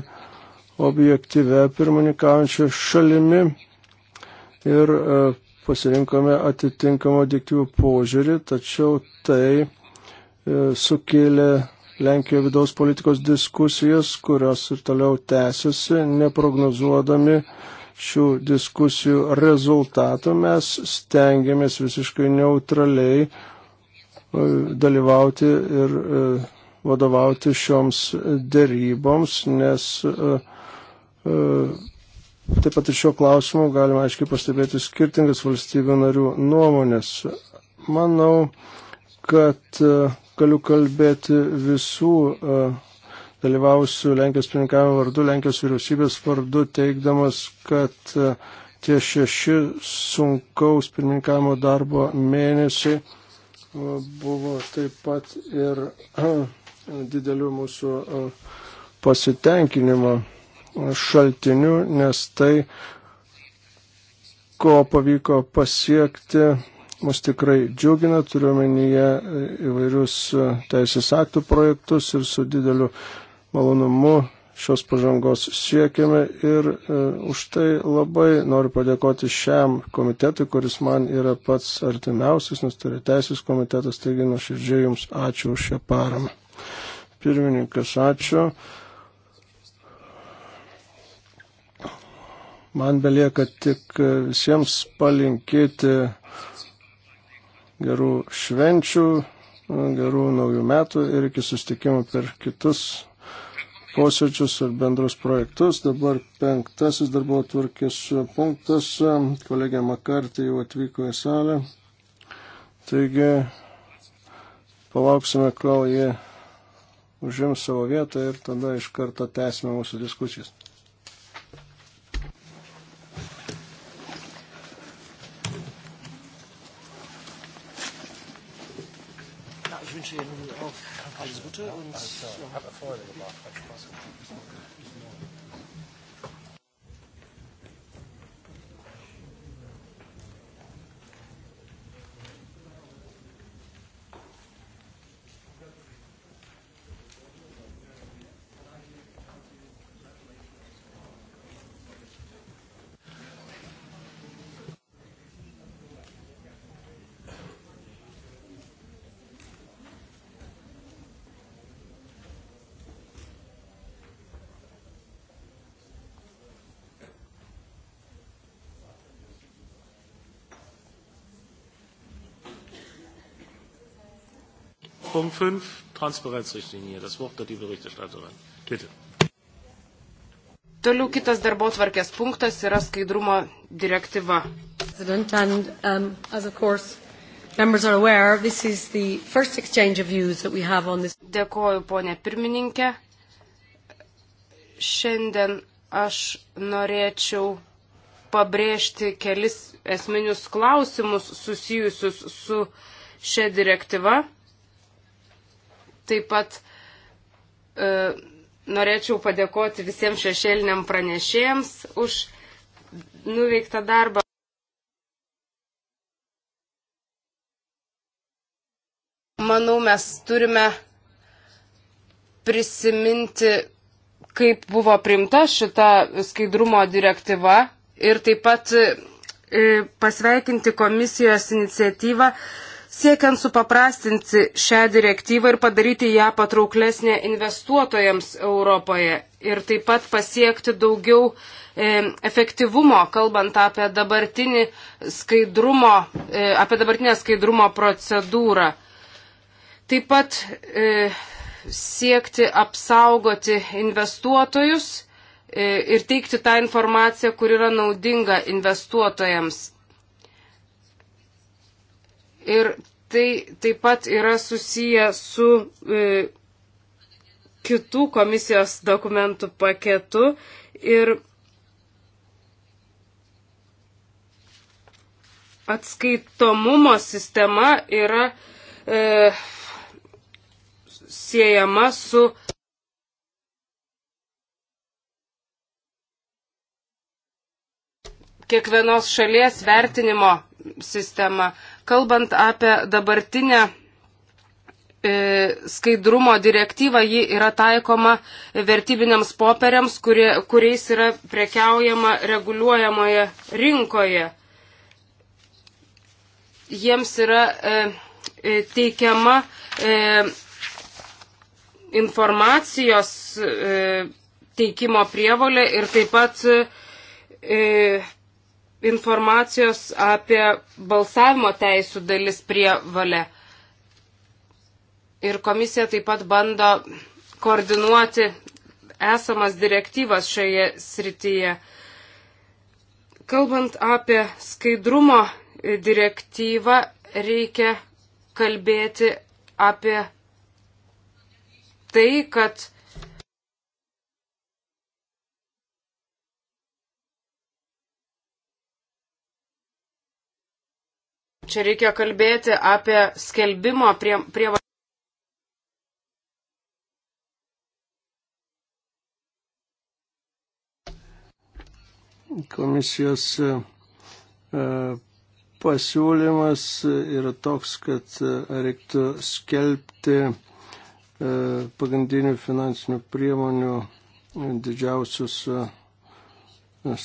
objektyvę pirmininkaujančią šalimi ir e, pasirinkome atitinkamą objektyvų požiūrį, tačiau tai sukėlė Lenkijoje vidaus politikos diskusijas, kurios ir toliau tęsiasi, neprognozuodami šių diskusijų rezultatų, mes stengiamės visiškai neutraliai e, dalyvauti ir e, vadovauti šioms dėryboms, nes e, taip pat ir šio klausimu galima aiškiai pastebėti skirtingas valstybių narių nuomonės. Manau, kad galiu kalbėti visų e, dalyvausių Lenkijos pirmininkavimo vardu, Lenkijos vyriausybės vardu, teikdamas, kad e, tie šeši sunkaus pirmininkavimo darbo mėnesiai e, buvo taip pat ir didelių mūsų pasitenkinimo šaltinių, nes tai, ko pavyko pasiekti mus tikrai džiugina, turiuomenyje e, įvairius e, teisės aktų projektus ir su dideliu malonumu šios pažangos siekiame ir e, už tai labai noriu padėkoti šiam komitetui, kuris man yra pats artimiausias, nes tai yra teisės komitetas, taigi nuoširdžiai Jums ačiū už šią paramą. Pirmininkas, ačiū. Man belieka tik e, visiems palinkėti gerų švenčių, gerų naujų metų ir iki sustikimo per kitus posėdžius ir bendrus projektus. Dabar penktasis darbo tvarkės punktas. Kolegė Makartė jau atvyko į salę. Taigi palauksime, kol jie užims savo vietą ir tada iš karto tęsime mūsų diskusijas. wünsche Ihnen auch alles Gute und. Ja. Punkt 5, Transparenzrichtlinie. Das Wort hat die Berichterstatterin. Bitte. Toliau kitas darbo tvarkės punktas yra skaidrumo direktyva. And, um, as of course, members are aware, this is the first exchange of views that we have on this. Dėkoju, ponė pirmininkė. Šiandien aš norėčiau pabrėžti kelis esminius klausimus susijusius su šia direktyva. Taip pat e, norėčiau padėkoti visiems šešėliniam pranešėjams už nuveiktą darbą. Manau, mes turime prisiminti, kaip buvo primta šita skaidrumo direktyva ir taip pat e, pasveikinti komisijos iniciatyvą siekiant supaprastinti šią direktyvą ir padaryti ją patrauklesnė investuotojams Europoje ir taip pat pasiekti daugiau e, efektyvumo, kalbant apie, dabartinį skaidrumo, e, apie dabartinę skaidrumo procedūrą. Taip pat e, siekti apsaugoti investuotojus e, ir teikti tą informaciją, kur yra naudinga investuotojams. Ir tai taip pat yra susiję su e, kitų komisijos dokumentų paketu. Ir atskaitomumo sistema yra e, siejama su kiekvienos šalies vertinimo sistema. Kalbant apie dabartinę e, skaidrumo direktyva, ji yra taikoma vertybiniams popieriams, kurie, kuriais yra prekiaujama reguliuojamoje rinkoje. Jiems yra e, e teikiama e, informacijos e, teikimo prievolė ir taip pat e, informacijos apie balsavimo teisų dalis prievalę. Ir komisija taip pat bando koordinuoti esamas direktyvas šioje srityje. Kalbant apie skaidrumo direktyvą, reikia kalbėti apie tai, kad Čia reikia kalbėti apie skelbimo prie, prie komisijos e, e, pasiūlymas yra toks, kad e, reiktų skelbti pagrindinių finansinių priemonių didžiausius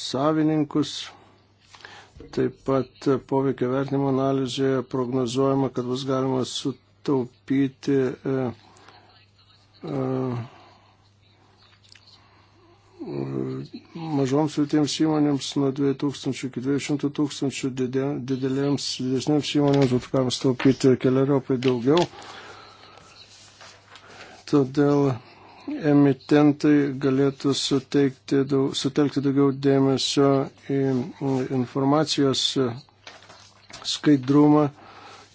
savininkus Taip pat poveikio vertinimo analizėje prognozuojama, kad bus galima sutaupyti e, e, mažoms vietiems įmonėms nuo 2000 iki 200 tūkstančių, didelėms, didesnėms įmonėms būtų galima sutaupyti keliariopai daugiau. Todėl emitentai galėtų suteikti, daug, sutelkti daugiau dėmesio į informacijos skaidrumą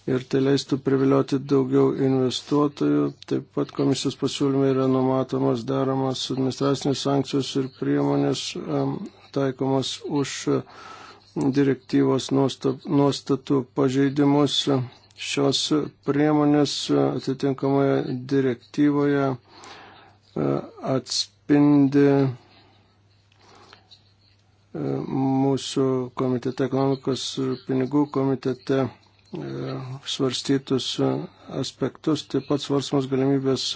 ir tai leistų privilioti daugiau investuotojų. Taip pat komisijos pasiūlymai yra numatomas daromas administracinės sankcijos ir priemonės taikomas už direktyvos nuostatų pažeidimus. Šios priemonės atitinkamoje direktyvoje atspindi e, mūsų komitete, ekonomikos pinigų komitete e, svarstytus aspektus, taip pat svarstamos galimybės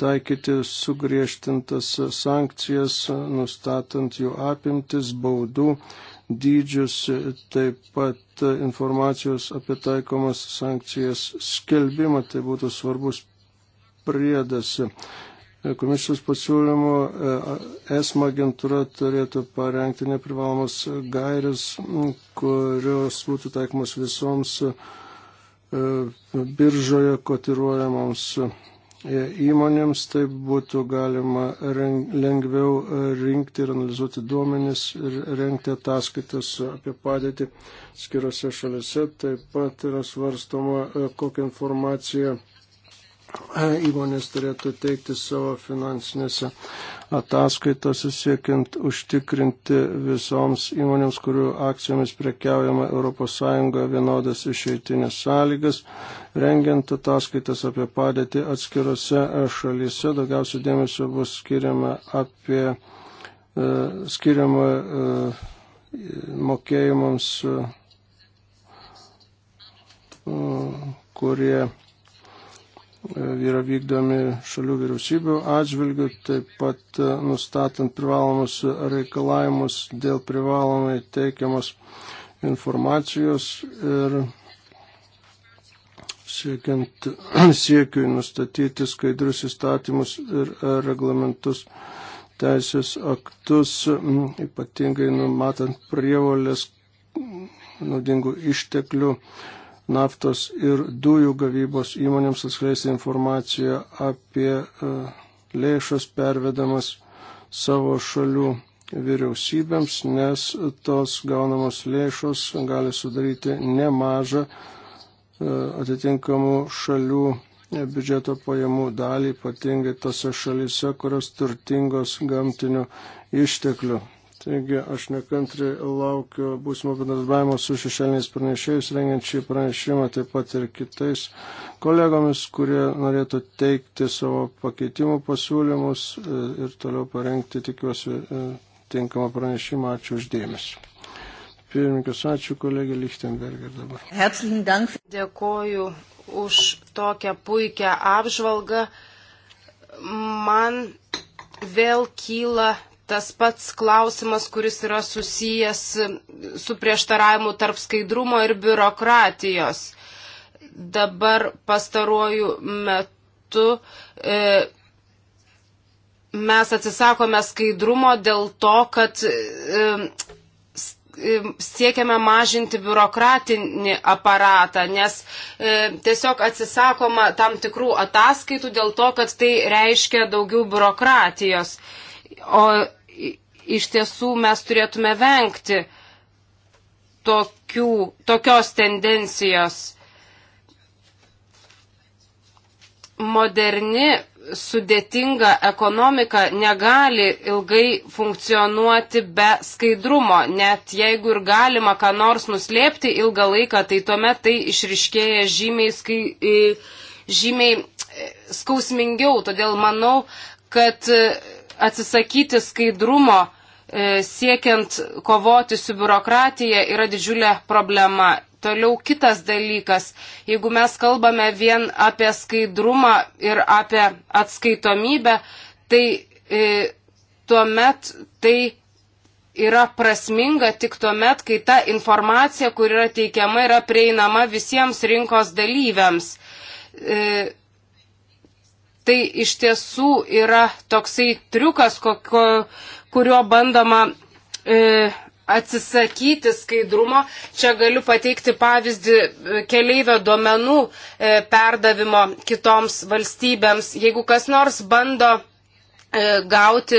taikyti sugriežtintas sankcijas, nustatant jų apimtis, baudų dydžius, taip pat informacijos apie taikomas sankcijas skelbimą, tai būtų svarbus priedas. E, komisijos pasiūlymų e, ESMA agentūra turėtų parengti neprivalomas gairias, kurios būtų taikomos visoms e, biržoje kotiruojamoms įmonėms, taip būtų galima renk, lengviau rinkti ir analizuoti duomenis ir renkti ataskaitas apie padėtį skiriose šalise. Taip pat yra svarstoma, kokią informaciją E, įmonės turėtų teikti savo finansinėse ataskaitose siekiant užtikrinti visoms įmonėms, kurių akcijomis prekiaujama ES vienodas išeitinės sąlygas, rengiant ataskaitas apie padėtį atskirose šalyse. Daugiausia dėmesio bus skiriama apie e, skiriama e, mokėjimams, kurie yra vykdomi šalių vyriausybių atžvilgių, taip pat e, nustatant privalomus reikalavimus dėl privalomai teikiamos informacijos ir siekiant (clears throat) siekiui nustatyti skaidrius įstatymus ir e, reglamentus teisės aktus, ypatingai numatant prievolės naudingų išteklių naftos ir dujų gavybos įmonėms atskleisti informaciją apie e, lėšas pervedamas savo šalių vyriausybėms, nes tos gaunamos lėšos gali sudaryti nemažą e, atitinkamų šalių biudžeto pajamų dalį, ypatingai tose šalyse, kurios turtingos gamtinių išteklių. Taigi aš nekantri laukiu būsimo bendradarbiavimo su šešėliniais pranešėjais, rengiant šį pranešimą, taip pat ir kitais kolegomis, kurie norėtų teikti savo pakeitimų pasiūlymus e, ir toliau parengti, tikiuosi, e, tinkamą pranešimą. Ačiū uždėmesi. Pirmininkas, ačiū kolegė Lichtenberger dabar. Dėkoju už tokią puikią apžvalgą. Man vėl kyla tas pats klausimas, kuris yra susijęs su prieštaravimu tarp skaidrumo ir biurokratijos. Dabar pastaruoju metu e, mes atsisakome skaidrumo dėl to, kad e, e siekiame mažinti biurokratinį aparatą, nes e, tiesiog atsisakoma tam tikrų ataskaitų dėl to, kad tai reiškia daugiau biurokratijos. O iš tiesų mes turėtume vengti tokių, tokios tendencijos. Moderni sudėtinga ekonomika negali ilgai funkcionuoti be skaidrumo. Net jeigu ir galima ką nors nuslėpti ilgą laiką, tai tuomet tai išriškėja žymiai, skai, žymiai e, skausmingiau. Todėl manau, kad e, atsisakyti skaidrumo e, siekiant kovoti su biurokratija yra didžiulė problema. Toliau kitas dalykas, jeigu mes kalbame vien apie skaidrumą ir apie atskaitomybę, tai e, tuomet tai yra prasminga tik tuomet, kai ta informacija, kur yra teikiama, yra prieinama visiems rinkos dalyviams. E, tai iš tiesų yra toksai triukas, kokio, kurio bandoma e, atsisakyti skaidrumo. Čia galiu pateikti pavyzdį e, keleivio duomenų e, perdavimo kitoms valstybėms. Jeigu kas nors bando E, gauti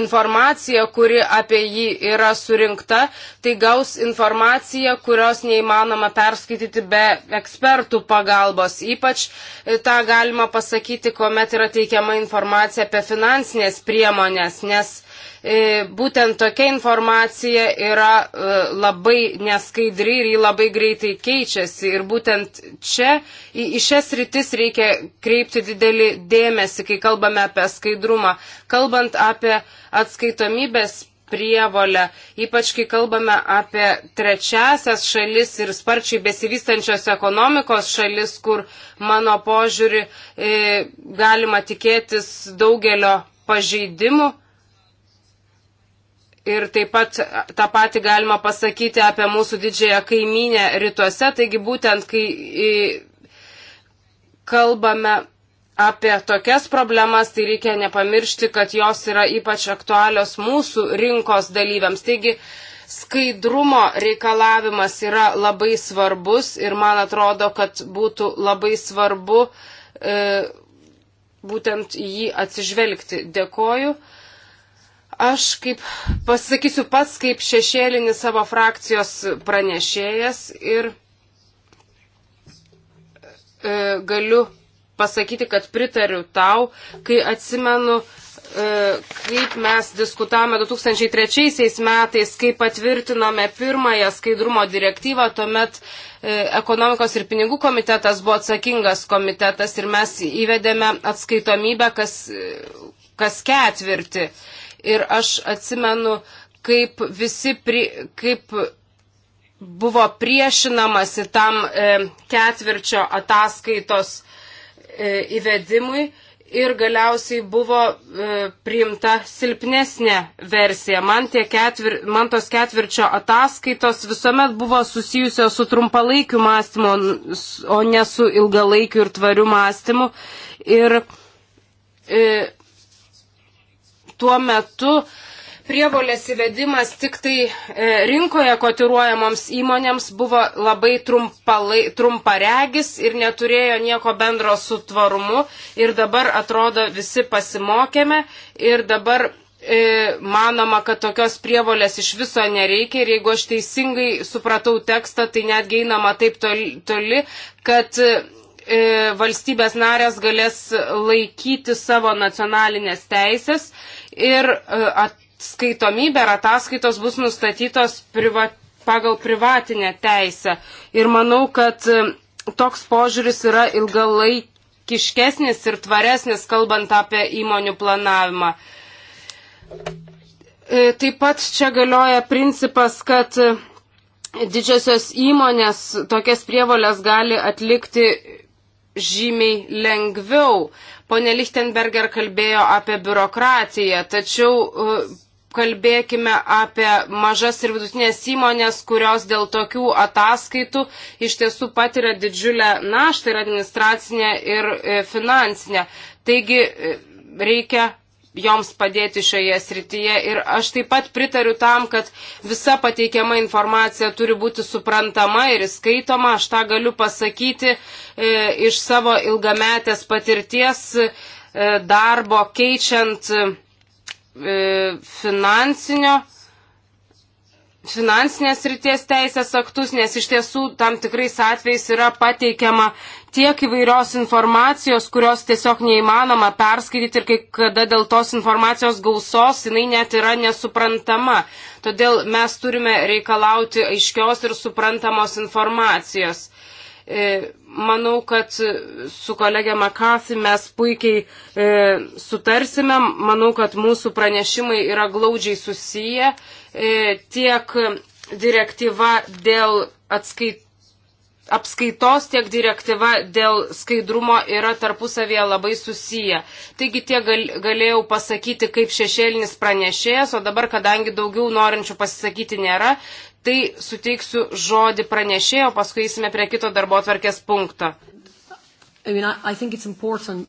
informaciją, kuri apie jį yra surinkta, tai gaus informaciją, kurios neįmanoma perskaityti be ekspertų pagalbos. Ypač e, tą galima pasakyti, kuomet yra teikiama informacija apie finansinės priemonės, nes E, būtent tokia informacija yra e, labai neskaidri ir ji labai greitai keičiasi. Ir būtent čia į šias rytis reikia kreipti didelį dėmesį, kai kalbame apie skaidrumą. Kalbant apie atskaitomybės prievolę, ypač kai kalbame apie trečiasias šalis ir sparčiai besivystančios ekonomikos šalis, kur mano požiūrį e, galima tikėtis daugelio pažeidimų Ir taip pat tą patį galima pasakyti apie mūsų didžiąją kaiminę rytuose. Taigi būtent, kai kalbame apie tokias problemas, tai reikia nepamiršti, kad jos yra ypač aktualios mūsų rinkos dalyviams. Taigi skaidrumo reikalavimas yra labai svarbus ir man atrodo, kad būtų labai svarbu e, būtent jį atsižvelgti. Dėkoju. Aš kaip pasakysiu pats kaip šešėlinis savo frakcijos pranešėjas ir e, galiu pasakyti, kad pritariu tau, kai atsimenu, e, kaip mes diskutavome 2003 metais, kai patvirtinome pirmąją skaidrumo direktyvą, tuomet e, ekonomikos ir pinigų komitetas buvo atsakingas komitetas ir mes įvedėme atskaitomybę kas, kas ketvirtį. E, ir aš atsimenu, kaip visi, pri, kaip buvo priešinamasi tam e, ketvirčio ataskaitos e, įvedimui ir galiausiai buvo e, priimta silpnesnė versija. Man, ketvir, man tos ketvirčio ataskaitos visuomet buvo susijusios su trumpalaikiu mąstymu, o ne su ilgalaikiu ir tvariu mąstymu. Ir e, tuo metu prievolės įvedimas tik tai e, rinkoje kotiruojamoms įmonėms buvo labai trumparegis ir neturėjo nieko bendro su tvarumu. Ir dabar atrodo visi pasimokėme ir dabar e, manoma, kad tokios prievolės iš viso nereikia ir jeigu aš teisingai supratau tekstą, tai netgi einama taip toli, toli kad e, valstybės narės galės laikyti savo nacionalinės teisės ir e, atskaitomybė ar ataskaitos bus nustatytos priva, pagal privatinę teisę. Ir manau, kad e, toks požiūris yra ilgalaikiškesnis ir tvaresnis, kalbant apie įmonių planavimą. E, taip pat čia galioja principas, kad didžiosios įmonės tokias prievolės gali atlikti žymiai lengviau. Pone Lichtenberger kalbėjo apie biurokratiją, tačiau e, kalbėkime apie mažas ir vidutinės įmonės, kurios dėl tokių ataskaitų iš tiesų patiria didžiulę naštą ir administracinę ir e, finansinę. Taigi e, reikia joms padėti šioje srityje. Ir aš taip pat pritariu tam, kad visa pateikiama informacija turi būti suprantama ir įskaitoma. Aš tą galiu pasakyti e, iš savo ilgametės patirties e, darbo keičiant e, finansinio finansinės ryties teisės aktus, nes iš tiesų tam tikrais atvejais yra pateikiama tiek įvairios informacijos, kurios tiesiog neįmanoma perskaityti ir kai kada dėl tos informacijos gausos jinai net yra nesuprantama. Todėl mes turime reikalauti aiškios ir suprantamos informacijos. E, manau, kad su kolegė Makasi mes puikiai e, sutarsime. Manau, kad mūsų pranešimai yra glaudžiai susiję. E, tiek direktyva dėl atskaitų apskaitos, tiek direktyva dėl skaidrumo yra tarpusavėje labai susiję. Taigi tie gal, galėjau pasakyti kaip šešėlinis pranešėjas, o dabar, kadangi daugiau norinčių pasisakyti nėra, tai suteiksiu žodį pranešėjo, paskui eisime prie kito darbo atvarkės punkto. I mean, I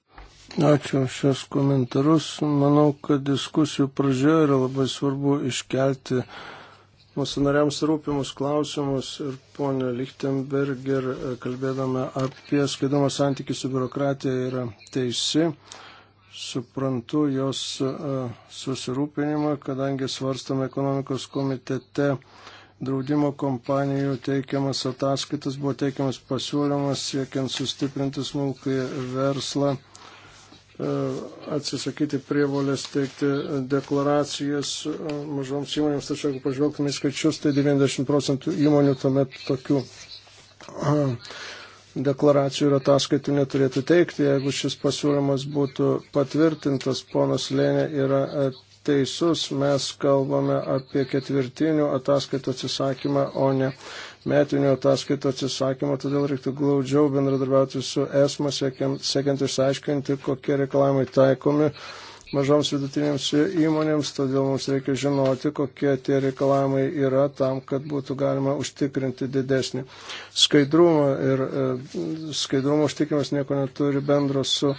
Ačiū šios komentarus. Manau, kad diskusijų pradžioje yra labai svarbu iškelti uh, mūsų nariams rūpimus klausimus ir ponio Lichtenberger, e, kalbėdama apie skaidamą santykį su biurokratija, yra teisi. Suprantu jos e, susirūpinimą, kadangi svarstame ekonomikos komitete draudimo kompanijų teikiamas ataskaitas, buvo teikiamas pasiūlymas siekiant sustiprinti smulkį verslą E, atsisakyti prievolės teikti deklaracijas e, mažoms įmonėms, tačiau jeigu pažvelgtume į skaičius, tai 90 procentų įmonių tuomet tokių e, deklaracijų ir ataskaitų neturėtų teikti. Jeigu šis pasiūlymas būtų patvirtintas, ponas Lėnė yra teisus, mes kalbame apie ketvirtinių ataskaitų atsisakymą, o ne metinių ataskaitų atsisakymą, todėl reiktų glaudžiau bendradarbiauti su ESMA, siekiant išsiaiškinti, kokie reikalavimai taikomi mažoms vidutinėms įmonėms, todėl mums reikia žinoti, kokie tie reikalavimai yra tam, kad būtų galima užtikrinti didesnį skaidrumą ir e, skaidrumo užtikrinimas nieko neturi bendro su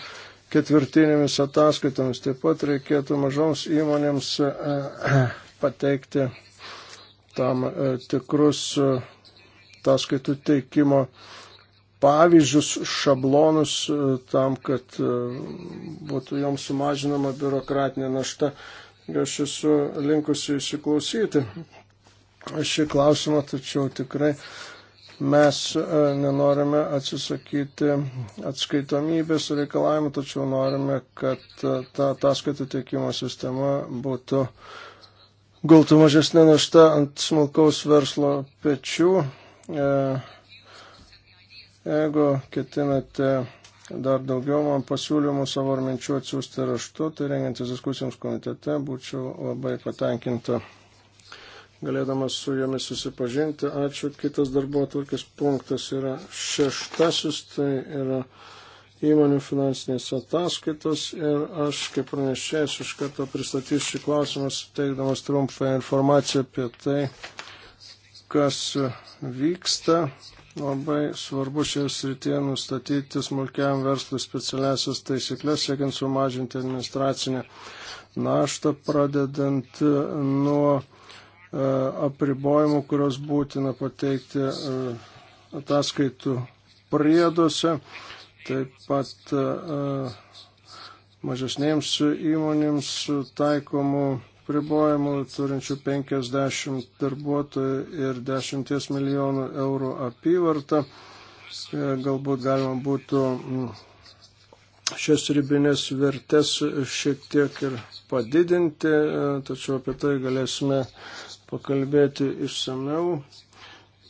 ketvirtinėmis ataskaitomis. Taip pat reikėtų mažoms įmonėms e, e pateikti tam e, tikrus. E, ataskaitų teikimo pavyzdžius, šablonus e, tam, kad e, būtų joms sumažinama biurokratinė našta. Aš esu linkusi įsiklausyti šį klausimą, tačiau tikrai mes e, nenorime atsisakyti atskaitomybės reikalavimų, tačiau norime, kad ta ataskaitų teikimo sistema būtų gultų mažesnė našta ant smulkaus verslo pečių E, jeigu ketinate dar daugiau man pasiūlymų savo ar minčių atsiųsti raštu, tai rengiantis diskusijoms komitete būčiau labai patenkinta galėdamas su jomis susipažinti. Ačiū. Kitas darbo atvarkės punktas yra šeštasis, tai yra įmonių finansinės ataskaitos ir aš, kaip pranešėjęs, iš karto pristatysiu šį klausimą, teikdamas trumpą informaciją apie tai, kas vyksta. Labai svarbu šioje srityje nustatyti smulkiam verslui specialiasias taisyklės, siekiant sumažinti administracinę naštą, pradedant nuo e, apribojimų, kurios būtina pateikti e, ataskaitų prieduose, taip pat e, mažesnėms įmonėms taikomų pribojimų turinčių 50 darbuotojų ir 10 milijonų eurų apyvartą. E, galbūt galima būtų mm, šias ribinės vertes šiek tiek ir padidinti, e, tačiau apie tai galėsime pakalbėti išsameu.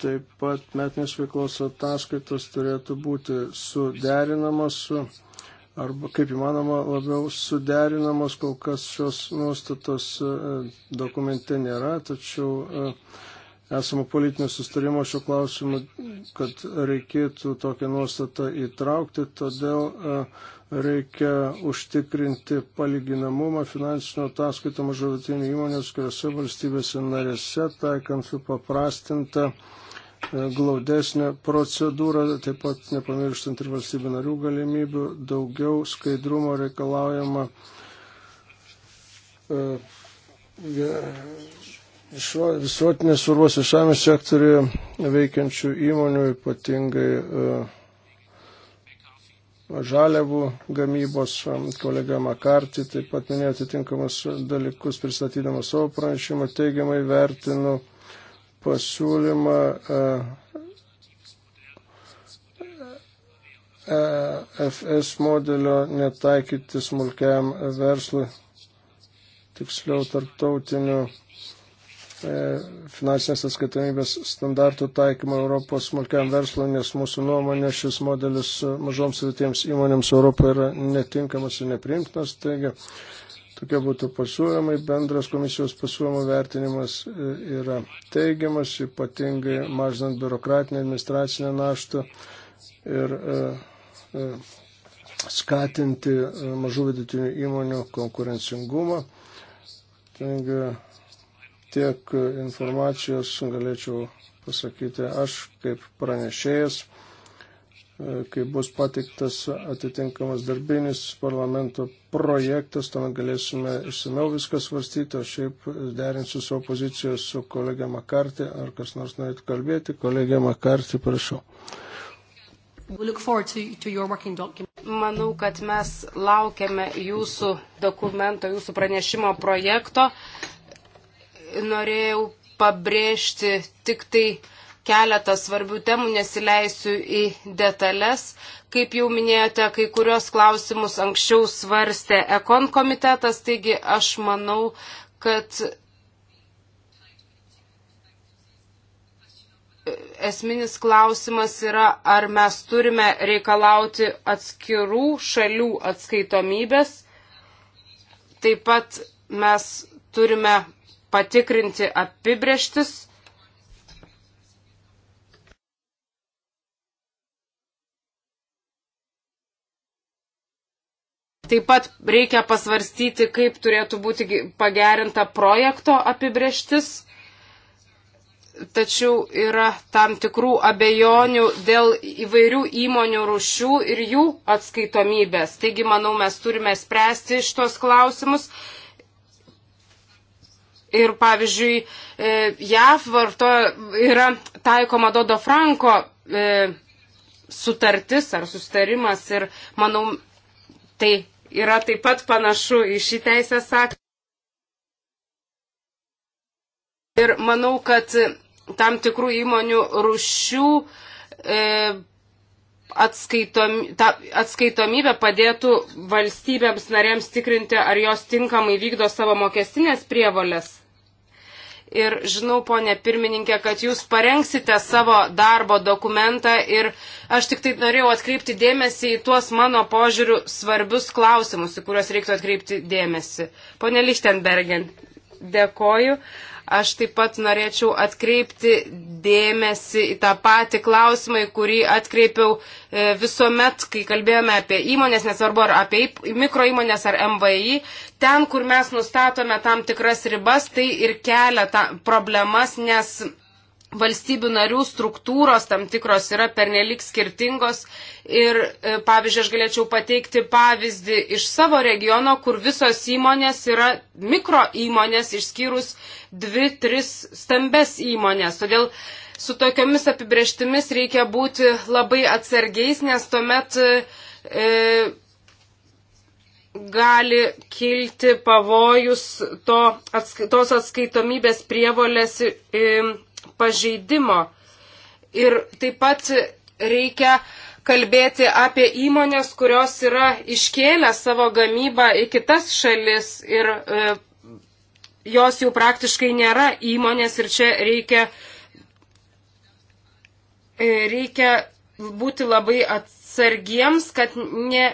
Taip pat metinės veiklos ataskaitos turėtų būti suderinamos su arba kaip įmanoma labiau suderinamos, kol kas šios nuostatos e, dokumente nėra, tačiau e, esamo politinio sustarimo šio klausimu, kad reikėtų tokią nuostatą įtraukti, todėl e, reikia užtikrinti palyginamumą finansinio ataskaito mažovatinių įmonės, kuriuose valstybėse narėse taikant supaprastintą paprastintą E, glaudesnę procedūrą, taip pat nepamirštant ir valstybių narių galimybių, daugiau skaidrumo reikalaujama e, visuotinės urvos viešame sektoriuje veikiančių įmonių, ypatingai e, žaliavų gamybos kolega Makarti taip pat minėjo atitinkamus dalykus, pristatydamas savo pranešimą, teigiamai vertinu pasiūlymą e, e, e, FS modelio netaikyti smulkiam verslui, tiksliau tarptautinių finansinės atskaitomybės standartų taikymą Europos smulkiam verslui, nes mūsų nuomonė šis modelis mažoms ir tiems įmonėms Europoje yra netinkamas ir neprimtinas. Taigi, Tokie būtų pasiūlymai. Bendras komisijos pasiūlymų vertinimas e, yra teigiamas, ypatingai mažinant biurokratinę administracinę naštą ir e, e, skatinti mažų vidutinių įmonių konkurencingumą. Taigi tiek informacijos galėčiau pasakyti aš kaip pranešėjas kai bus pateiktas atitinkamas darbinis parlamento projektas, tuomet galėsime išsameu viską svarstyti, o šiaip derinsiu savo poziciją su kolegė Makartė, ar kas nors norėtų kalbėti. Kolegė Makartė, prašau. Manau, kad mes laukiame jūsų dokumento, jūsų pranešimo projekto. Norėjau pabrėžti tik tai uh, keletą svarbių temų, nesileisiu į detalės. Kaip jau minėjote, kai kurios klausimus anksčiau svarstė Ekon komitetas, taigi aš manau, kad esminis klausimas yra, ar mes turime reikalauti atskirų šalių atskaitomybės. Taip pat mes turime patikrinti apibrieštis Taip pat reikia pasvarstyti, kaip turėtų būti pagerinta projekto apibrieštis. Tačiau yra tam tikrų abejonių dėl įvairių įmonių rušių ir jų atskaitomybės. Taigi, manau, mes turime spręsti šitos klausimus. Ir pavyzdžiui, e, JAV varto yra taikoma Dodo Franko e, sutartis ar sustarimas ir manau, tai yra taip pat panašu į šį teisės aktą. Ir manau, kad tam tikrų įmonių rušių e, atskaitom, ta, atskaitomybė padėtų valstybėms narėms tikrinti, ar jos tinkamai vykdo savo mokestinės prievolės ir žinau, ponė pirmininkė, kad jūs parengsite savo darbo dokumentą ir aš tik tai norėjau atkreipti dėmesį į tuos mano požiūrių svarbius klausimus, į kuriuos reiktų atkreipti dėmesį. Pone Lichtenbergen, dėkoju. Uh, Aš taip pat norėčiau atkreipti dėmesį į tą patį klausimą, į kurį atkreipiau e, visuomet, kai kalbėjome apie įmonės, nesvarbu ar apie mikro įmonės ar MVI. Ten, kur mes nustatome tam tikras ribas, tai ir kelia problemas, nes valstybių narių struktūros tam tikros yra pernelik skirtingos ir, e, pavyzdžiui, aš galėčiau pateikti pavyzdį iš savo regiono, kur visos įmonės yra mikro įmonės, išskyrus dvi, tris stambes įmonės. Todėl su tokiomis apibrieštimis reikia būti labai atsargiais, nes tuomet e, e gali kilti pavojus to, ats, tos atskaitomybės prievolės. E, pažeidimo. Ir taip pat reikia kalbėti apie įmonės, kurios yra iškėlę savo gamybą į kitas šalis ir e, jos jau praktiškai nėra įmonės ir čia reikia, e, reikia būti labai atsargiems, kad ne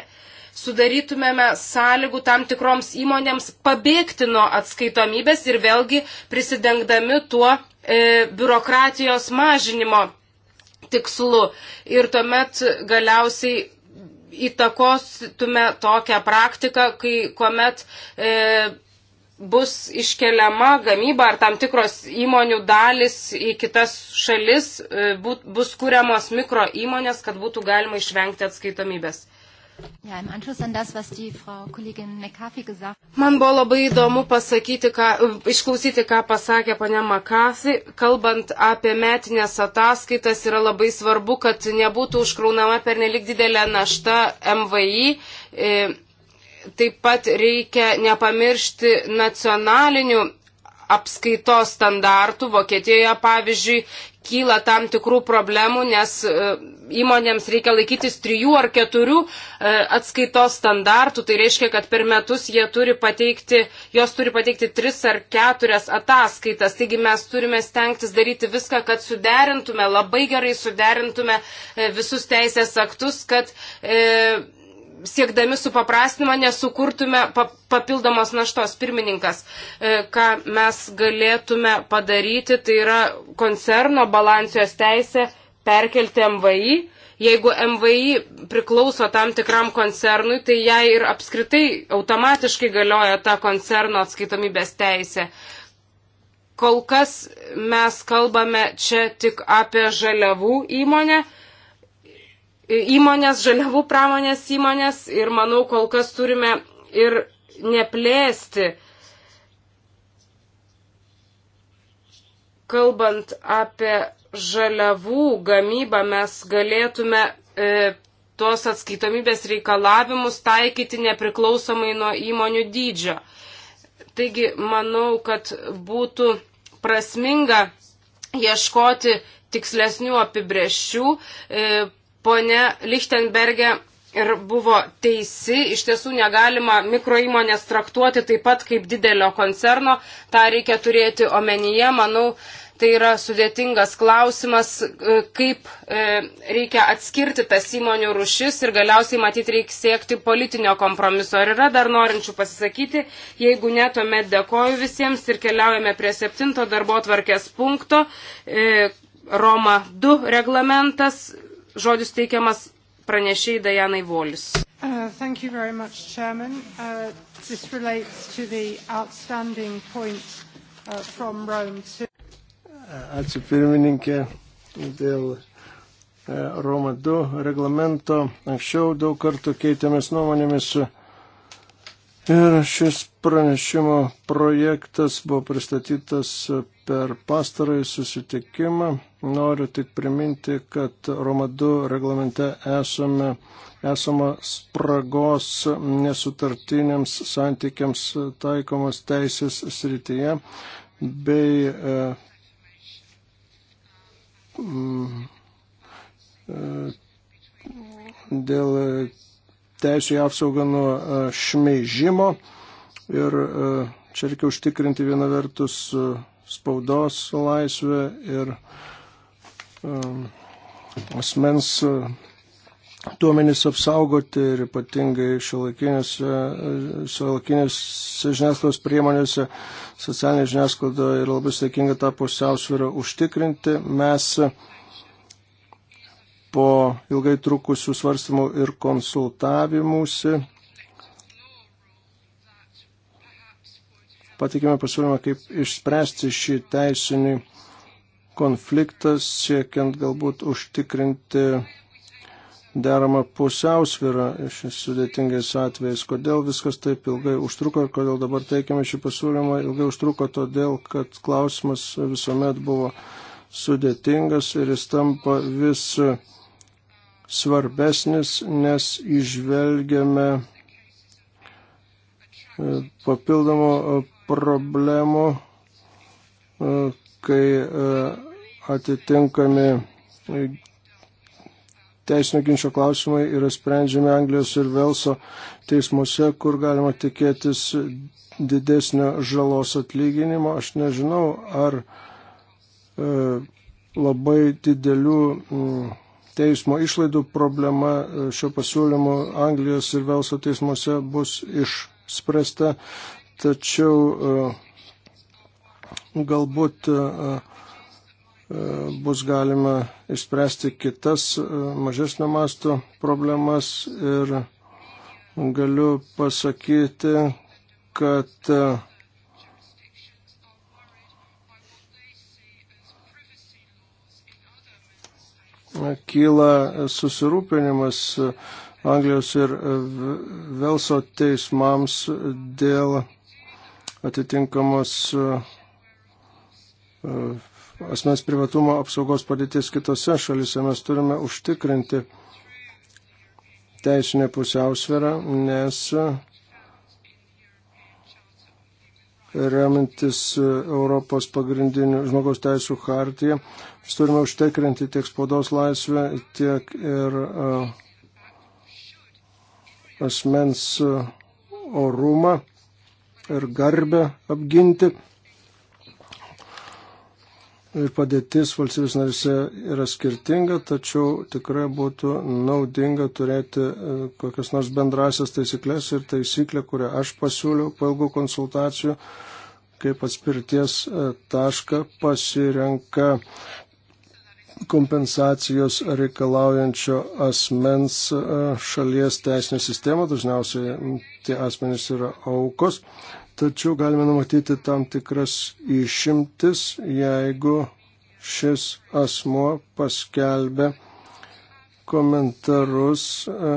sudarytumėme sąlygų tam tikroms įmonėms pabėgti nuo atskaitomybės ir vėlgi prisidengdami tuo e, biurokratijos mažinimo tikslu. Ir tuomet galiausiai įtakostume tokią praktiką, kai kuomet e, bus iškeliama gamyba ar tam tikros įmonių dalis į kitas šalis, e, bu, bus kuriamos mikro įmonės, kad būtų galima išvengti atskaitomybės. Man buvo labai įdomu pasakyti, ką, išklausyti, ką pasakė ponia Makafi. Kalbant apie metinės ataskaitas, yra labai svarbu, kad nebūtų užkraunama per nelik didelę naštą MVI. E, taip pat reikia nepamiršti nacionalinių apskaitos standartų. Vokietijoje, pavyzdžiui, kyla tam tikrų problemų, nes e, įmonėms reikia laikytis trijų ar keturių e, atskaitos standartų. Tai reiškia, kad per metus jie turi pateikti, jos turi pateikti tris ar keturias ataskaitas. Taigi mes turime stengtis daryti viską, kad suderintume, labai gerai suderintume e, visus teisės aktus, kad. E, siekdami supaprastinimą nesukurtume papildomos naštos. Pirmininkas, e, ką mes galėtume padaryti, tai yra koncerno balancijos teisė perkelti MVI. Jeigu MVI priklauso tam tikram koncernui, tai jai ir apskritai automatiškai galioja ta koncerno atskaitomybės teisė. Kol kas mes kalbame čia tik apie žaliavų įmonę, įmonės, žaliavų pramonės įmonės ir manau, kol kas turime ir neplėsti, kalbant apie žaliavų gamybą, mes galėtume e, tos atskaitomybės reikalavimus taikyti nepriklausomai nuo įmonių dydžio. Taigi, manau, kad būtų prasminga ieškoti tikslesnių apibrėžčių, e, Pone Lichtenberge ir buvo teisi, iš tiesų negalima mikroįmonės traktuoti taip pat kaip didelio koncerno, tą reikia turėti omenyje, manau, tai yra sudėtingas klausimas, e, kaip e, reikia atskirti tas įmonių rušis ir galiausiai matyti reikia siekti politinio kompromiso. Ar yra dar norinčių pasisakyti? Jeigu ne, tuomet dėkoju visiems ir keliaujame prie septinto darbo tvarkės punkto. E, Roma 2 reglamentas žodis teikiamas pranešiai Dajanai Volis. Uh, thank you very much, Chairman. Uh, this relates to the outstanding point uh, from Rome to... Uh, ačiū pirmininkė dėl uh, Roma 2 reglamento. Anksčiau daug kartų keitėmės nuomonėmis su Ir šis pranešimo projektas buvo pristatytas per pastarąjį susitikimą. Noriu tik priminti, kad Roma 2 reglamente esame, esama spragos nesutartiniams santykiams taikomos teisės srityje bei e, mm, e, dėl teisų į apsaugą nuo e, šmeižimo. Ir e, čia reikia užtikrinti vieną vertus e, spaudos laisvę ir asmens duomenys apsaugoti ir ypatingai šiuolaikinėse žiniasklaidos priemonėse socialinė žiniasklaida yra labai sėkinga tą pusiausvyrą užtikrinti. Mes po ilgai trukusių svarstymų ir konsultavimusi patikime pasiūlymą, kaip išspręsti šį teisinį konfliktą, siekiant galbūt užtikrinti deramą pusiausvyrą šis sudėtingais atvejais. Kodėl viskas taip ilgai užtruko ir kodėl dabar teikiame šį pasiūlymą? Ilgai užtruko todėl, kad klausimas visuomet buvo sudėtingas ir jis tampa vis svarbesnis, nes išvelgiame e, papildomų e, problemų, e, kai atitinkami teisinio ginčio klausimai yra sprendžiami Anglijos ir Velso teismuose, kur galima tikėtis didesnio žalos atlyginimo. Aš nežinau, ar labai didelių teismo išlaidų problema e, šio pasiūlymo Anglijos ir Velso teismuose bus išspręsta, tačiau e, galbūt e, bus galima išspręsti kitas mažesnio masto problemas ir galiu pasakyti, kad kyla susirūpinimas Anglijos ir Velso teismams dėl atitinkamos e, asmens privatumo apsaugos padėties kitose šalise. Mes turime užtikrinti teisinę pusiausvėrą, nes remintis e, Europos pagrindinių žmogaus teisų hartiją. Mes turime užtikrinti tiek spaudos laisvę, tiek ir e, asmens e, orumą ir garbę apginti ir padėtis valstybės narise yra skirtinga, tačiau tikrai būtų naudinga turėti e, kokias nors bendrasias taisyklės ir taisyklę, kurią aš pasiūliau po ilgų konsultacijų, kaip atspirties e, tašką pasirenka kompensacijos reikalaujančio asmens e, šalies teisinė sistema, dažniausiai tie asmenys yra aukos Tačiau galime numatyti tam tikras išimtis, jeigu šis asmo paskelbė komentarus e,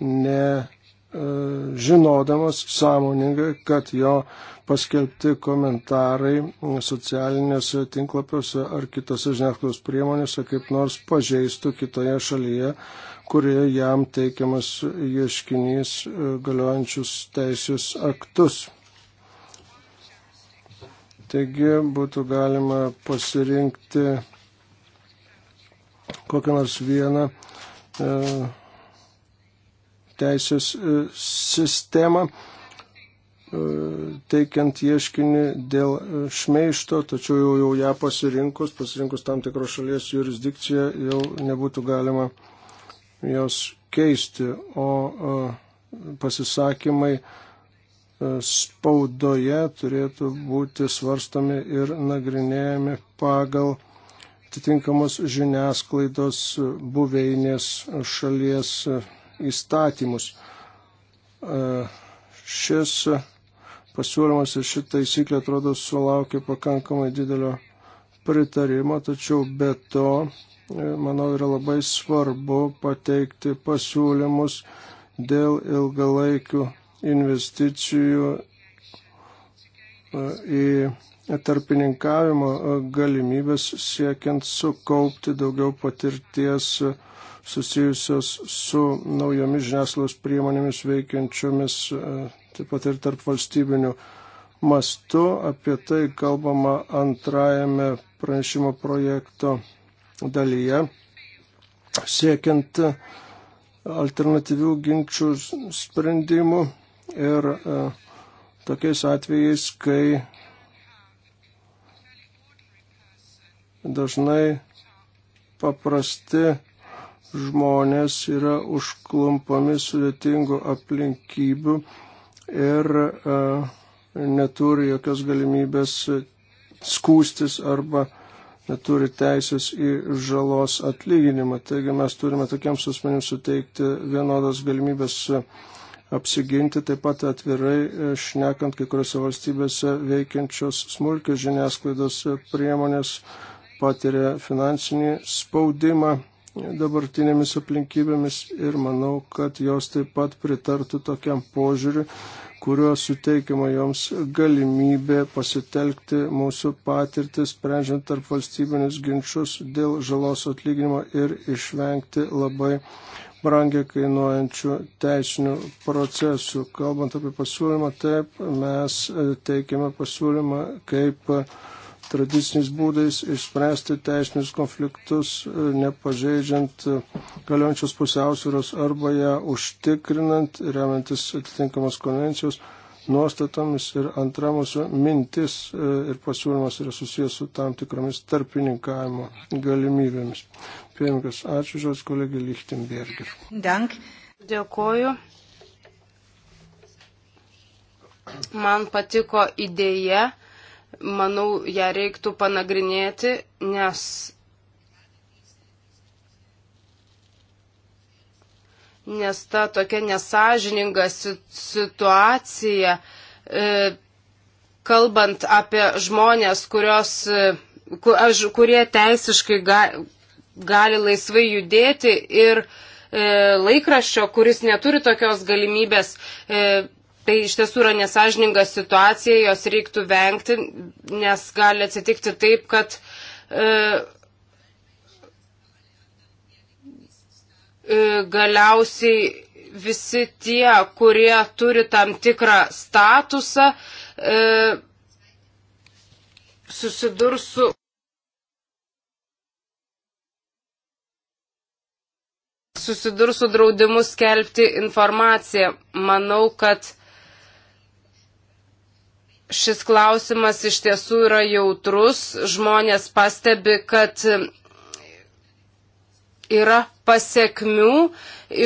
ne žinodamas sąmoningai, kad jo paskelbti komentarai socialinėse tinklapiuose ar kitose žiniasklaidos priemonėse kaip nors pažeistų kitoje šalyje, kurioje jam teikiamas ieškinys e, galiojančius teisės aktus. Taigi būtų galima pasirinkti kokią nors vieną e, teisės e, sistemą, e, teikiant ieškinį dėl e, šmeišto, tačiau jau, jau ją pasirinkus, pasirinkus tam tikros šalies jurisdikciją, jau nebūtų galima jos keisti, o pasisakymai spaudoje turėtų būti svarstomi ir nagrinėjami pagal atitinkamos žiniasklaidos buveinės šalies įstatymus. E, šis pasiūlymas ir ši taisyklė atrodo sulaukė pakankamai didelio pritarimo, tačiau be to, e, manau, yra labai svarbu pateikti pasiūlymus dėl ilgalaikių investicijų e, į tarpininkavimo galimybės siekiant sukaupti daugiau patirties susijusios su naujomis žiniasklaidos priemonėmis veikiančiomis e, taip pat ir tarp valstybinių mastų. Apie tai kalbama antrajame pranešimo projekto dalyje, siekiant alternatyvių ginčių sprendimų ir e, tokiais atvejais, kai dažnai paprasti žmonės yra užklumpami sudėtingų aplinkybių ir a, e, neturi jokios galimybės skūstis arba neturi teisės į žalos atlyginimą. Taigi mes turime tokiems asmenims suteikti vienodas galimybės apsiginti, taip pat atvirai e, šnekant kai kuriuose valstybėse veikiančios smulkios žiniasklaidos priemonės patiria finansinį spaudimą dabartinėmis aplinkybėmis ir manau, kad jos taip pat pritartų tokiam požiūriu, kuriuo suteikiama joms galimybė pasitelkti mūsų patirtį, sprendžiant tarp valstybinius ginčius dėl žalos atlyginimo ir išvengti labai brangiai kainuojančių teisinių procesų. Kalbant apie pasiūlymą, taip, mes teikiame pasiūlymą kaip tradiciniais būdais išspręsti teisinius konfliktus, e, nepažeidžiant e, galiojančios pusiausvėros arba ją užtikrinant, remiantis atitinkamos konvencijos nuostatomis. Ir antra mūsų mintis e, ir pasiūlymas yra susijęs su tam tikromis tarpininkavimo galimybėmis. Pirmininkas, ačiū žodžiu kolegė Lichtenberger. Dank, dėkoju. Man patiko idėja manau, ją reiktų panagrinėti, nes nes ta tokia nesažininga situacija, e, kalbant apie žmonės, kurios, e, kurie teisiškai gali laisvai judėti ir e, laikraščio, kuris neturi tokios galimybės, Tai iš tiesų yra nesažininga situacija, jos reiktų vengti, nes gali atsitikti taip, kad e, e, galiausiai visi tie, kurie turi tam tikrą statusą, e, susidurs su. susidurs su draudimu skelbti informaciją. Manau, kad šis klausimas iš tiesų yra jautrus. Žmonės pastebi, kad yra pasiekmių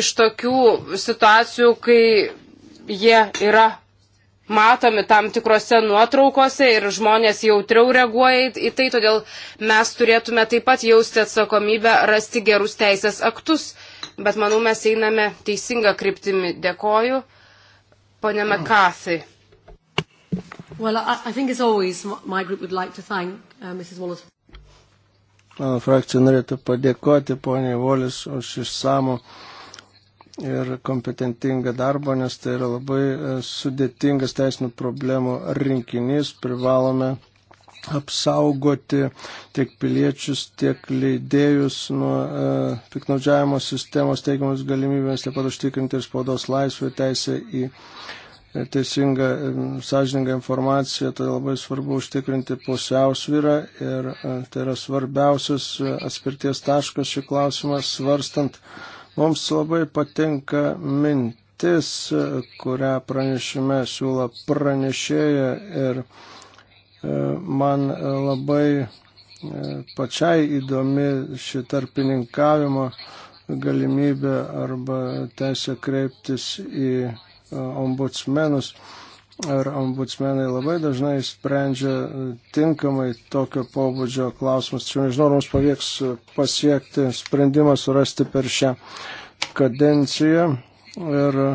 iš tokių situacijų, kai jie yra matomi tam tikrose nuotraukose ir žmonės jautriau reaguoja į tai, todėl mes turėtume taip pat jausti atsakomybę rasti gerus teisės aktus. Bet manau, mes einame teisinga kryptimi. Dėkoju. Pone McCarthy. Mm. Well, I, I think as always, my group would like to thank uh, Mrs. Wallace. Mano frakcija norėtų padėkoti poniai Volis už išsamų ir kompetentingą darbą, nes tai yra labai e, sudėtingas teisinių problemų rinkinys. Privalome apsaugoti tiek piliečius, tiek leidėjus nuo e, piknaudžiavimo sistemos teikiamus galimybės, taip pat užtikrinti ir spaudos laisvę teisę į teisinga, sąžininga informacija, tai labai svarbu užtikrinti pusiausvyrą ir e, tai yra svarbiausias e, atspirties taškas šį klausimą svarstant. Mums labai patinka mintis, e, kurią pranešime siūlo pranešėja ir man labai pačiai įdomi ši tarpininkavimo galimybė arba teisė kreiptis į ombudsmenus. Ar ombudsmenai labai dažnai sprendžia tinkamai tokio pobūdžio klausimus. Čia nežinau, ar mums pavyks pasiekti sprendimą surasti per šią kadenciją. Ir e,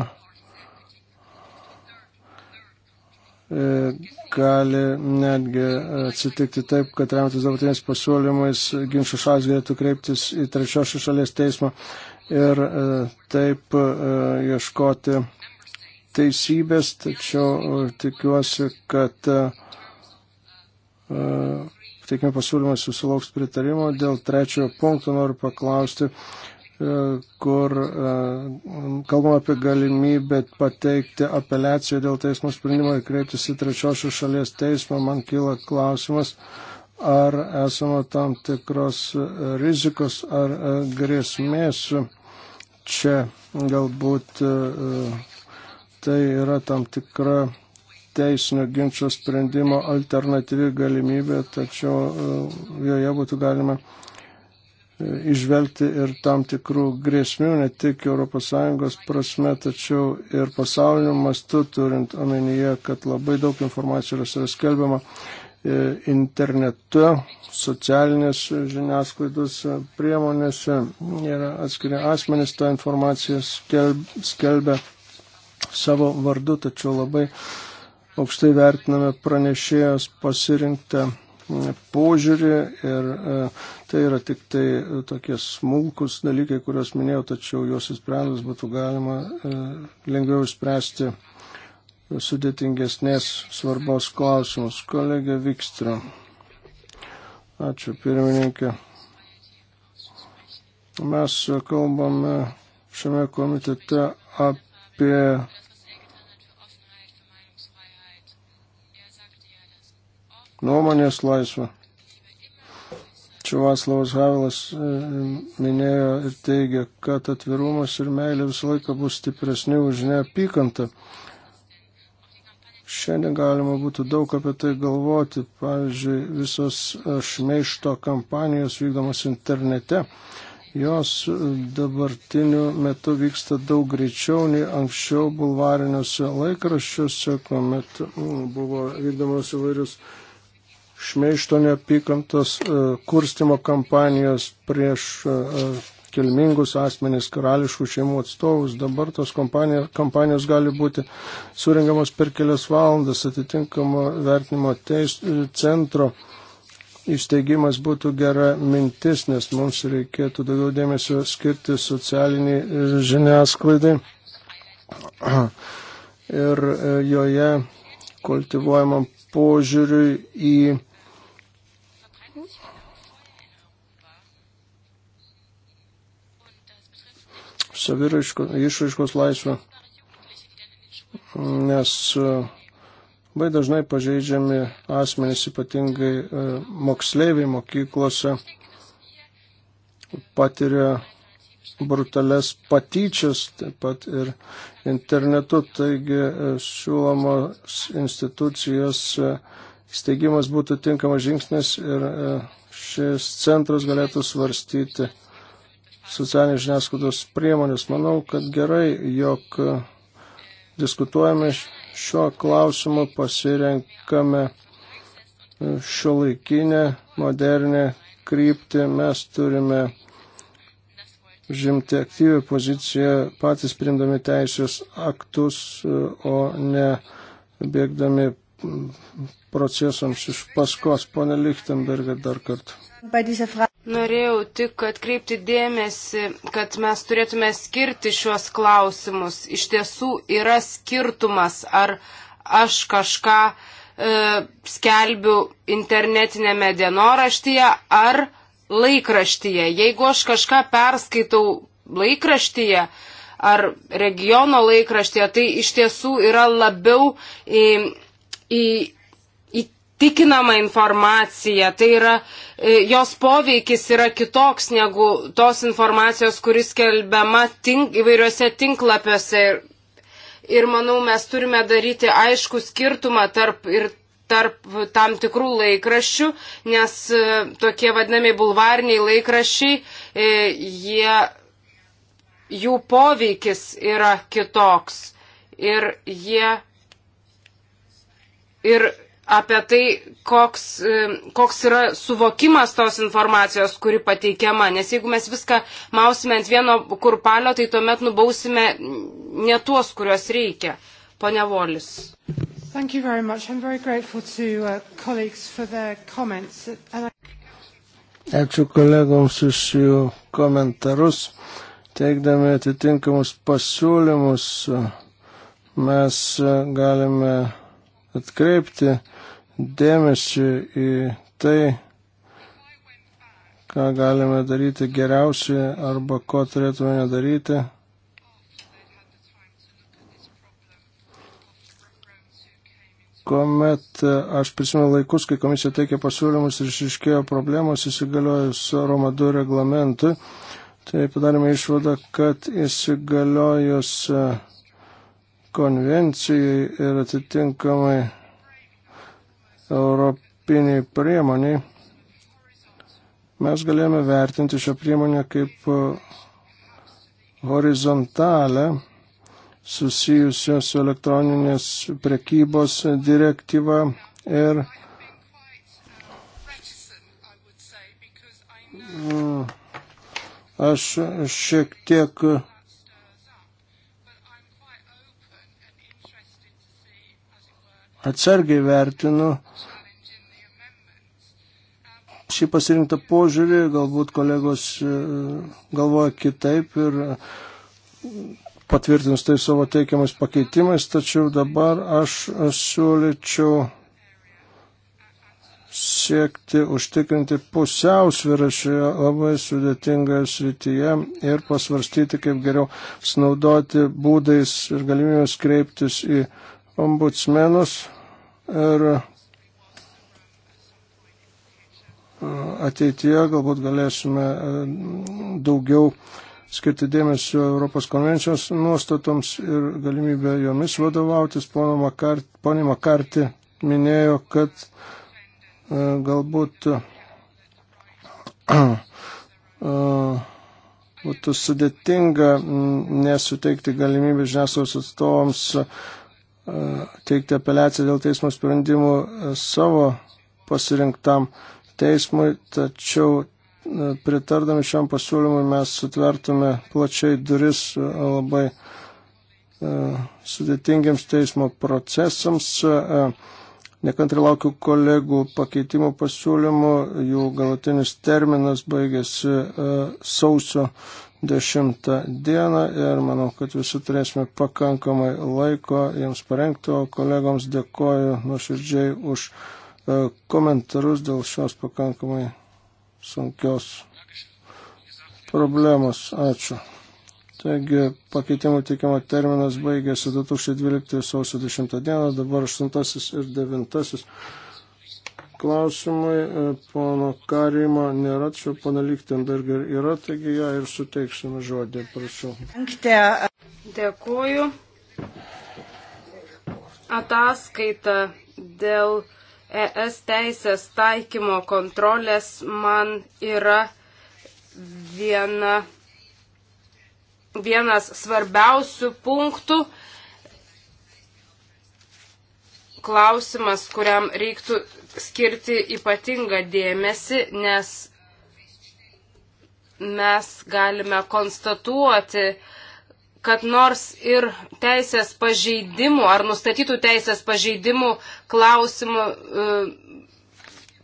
gali netgi atsitikti taip, kad remtis dabartiniais pasiūlymais ginčių šalis galėtų kreiptis į trečiosios šalies teismą ir e, taip e, ieškoti teisybės, tačiau e, tikiuosi, kad e, e, teikime pasiūlymas susilauks pritarimo. Dėl trečiojo punkto noriu paklausti, kur kalbam apie galimybę pateikti apeliaciją dėl teismo sprendimo ir kreiptis į trečiosios šalies teismą. Man kyla klausimas, ar esama tam tikros rizikos ar grėsmės čia galbūt. Uh, tai yra tam tikra teisinio ginčio sprendimo alternatyvi galimybė, tačiau e, joje būtų galima e, išvelgti ir tam tikrų grėsmių, ne tik ES prasme, tačiau ir pasaulio mastu, turint omenyje, kad labai daug informacijos yra skelbiama e, internetu, socialinės žiniasklaidos priemonėse ir atskiri asmenys tą informaciją skelbia savo vardu, tačiau labai aukštai vertiname pranešėjos pasirinktą požiūrį ir e, tai yra tik tai tokie smulkus dalykai, kuriuos minėjau, tačiau juos įsprendus būtų galima e, lengviau išspręsti sudėtingesnės svarbos klausimus. Kolegė Vikstra. Ačiū pirmininkė. Mes kalbame šiame komitete apie nuomonės laisvą. Čia Vaslavas Havelas e, minėjo ir teigia, kad atvirumas ir meilė visą laiką bus stipresni už neapykantą. Šiandien galima būtų daug apie tai galvoti, pavyzdžiui, visos šmeišto kampanijos vykdomos internete. Jos dabartiniu metu vyksta daug greičiau nei anksčiau bulvariniuose laikraščiuose, kuomet buvo vykdomos įvairius šmeišto neapykantos e, kurstimo kampanijos prieš e, e, kilmingus asmenys, karališkų šeimų atstovus. Dabar tos kompanijos, kompanijos gali būti surinkamos per kelias valandas atitinkamo vertinimo teis, centro. Įsteigimas būtų gera mintis, nes mums reikėtų daugiau dėmesio skirti socialiniai žiniasklaidai (clears throat) ir joje kultivuojamam požiūriui į saviraiškos laisvę, nes e, labai dažnai pažeidžiami asmenys, ypatingai e, moksleiviai mokyklose, patiria brutales patyčias, taip pat ir internetu. Taigi e, siūlomos institucijos steigimas būtų tinkamas žingsnis ir šis centras galėtų svarstyti socialinės žiniasklaidos priemonės. Manau, kad gerai, jog diskutuojame šiuo klausimu, pasirenkame šio laikinę, modernę kryptį. Mes turime žimti aktyvę poziciją, patys primdami teisės aktus, o ne bėgdami procesams iš paskos. Pone Lichtenberger, dar kartą. Norėjau tik atkreipti dėmesį, kad mes turėtume skirti šiuos klausimus. Iš tiesų yra skirtumas, ar aš kažką e, skelbiu internetinėme dienoraštyje ar laikraštyje. Jeigu aš kažką perskaitau laikraštyje, ar regiono laikraštyje, tai iš tiesų yra labiau į, į įtikinama informacija, tai yra e, jos poveikis yra kitoks negu tos informacijos, kuris kelbiama tink, įvairiuose tinklapiuose. Ir, ir manau, mes turime daryti aišku skirtumą tarp ir tarp tam tikrų laikraščių, nes e, tokie vadinami bulvarniai laikraščiai, e, jie, jų poveikis yra kitoks ir jie ir apie tai, koks, e, koks yra suvokimas tos informacijos, kuri pateikiama. Nes jeigu mes viską mausime ant vieno kurpalio, tai tuomet nubausime ne tuos, kuriuos reikia. Pone Volis. Thank you very much. I'm very grateful to uh, colleagues for their comments. And I... Ačiū kolegoms už jų komentarus. Teikdami atitinkamus pasiūlymus mes uh, galime atkreipti dėmesį į tai, ką galime daryti geriausiai arba ko turėtume nedaryti. Komet e, aš prisimenu laikus, kai komisija teikė pasiūlymus ir išiškėjo problemos įsigaliojus Roma 2 reglamentui, tai padarėme išvadą, kad įsigaliojus e, konvencijai ir atitinkamai europiniai priemoniai, mes galėjome vertinti šią priemonę kaip e, horizontalę susijusią su elektroninės prekybos direktyva ir mm, aš šiek tiek atsargiai vertinu šį pasirinktą požiūrį, galbūt kolegos e, galvoja kitaip ir e, patvirtins tai savo teikiamais pakeitimais, tačiau dabar aš siūlyčiau siekti užtikrinti pusiausvyrą šioje labai sudėtingoje srityje ir pasvarstyti, kaip geriau snaudoti būdais ir galimybės kreiptis į ombudsmenus ir e, ateityje galbūt galėsime e, daugiau skirti dėmesio Europos konvencijos nuostatoms ir galimybę jomis vadovautis. Pone Makarti minėjo, kad e, galbūt būtų sudėtinga nesuteikti galimybę žiniasklaidos atstovams teikti apeliaciją dėl teismo sprendimų savo pasirinktam teismui, tačiau pritardami šiam pasiūlymui mes sutvertume plačiai duris labai sudėtingiams teismo procesams. Nekantri laukiu kolegų pakeitimų pasiūlymų, jų galutinis terminas baigėsi sausio 10 dieną ir manau, kad visi turėsime pakankamai laiko jiems parengti, o kolegoms dėkoju nuoširdžiai už e, komentarus dėl šios pakankamai sunkios problemos. Ačiū. Taigi pakeitimų teikimo terminas baigėsi 2012 sausio 10 dieną, dabar 8 ir 9 klausimai. E, pono Karimo nėra, čia pono Lichtenberger yra, taigi ją ir suteiksime žodį, prašau. Dėkuoju. Ataskaita dėl ES teisės taikymo kontrolės man yra viena, vienas svarbiausių punktų klausimas, kuriam reiktų skirti ypatingą dėmesį, nes mes galime konstatuoti, kad nors ir teisės pažeidimų ar nustatytų teisės pažeidimų klausimų e,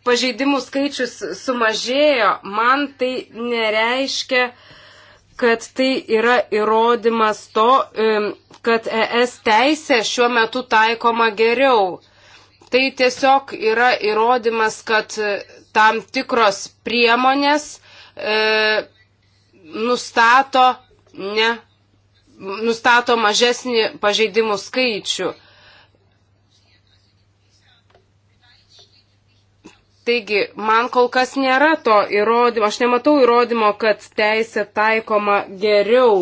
pažeidimų skaičius sumažėjo, man tai nereiškia, kad tai yra įrodymas to, kad ES teisė šiuo metu taikoma geriau. Tai tiesiog yra įrodymas, kad e, tam tikros priemonės e, nustato, ne, nustato mažesnį pažeidimų skaičių. Taigi, man kol kas nėra to įrodymo, aš nematau įrodymo, kad teisė taikoma geriau.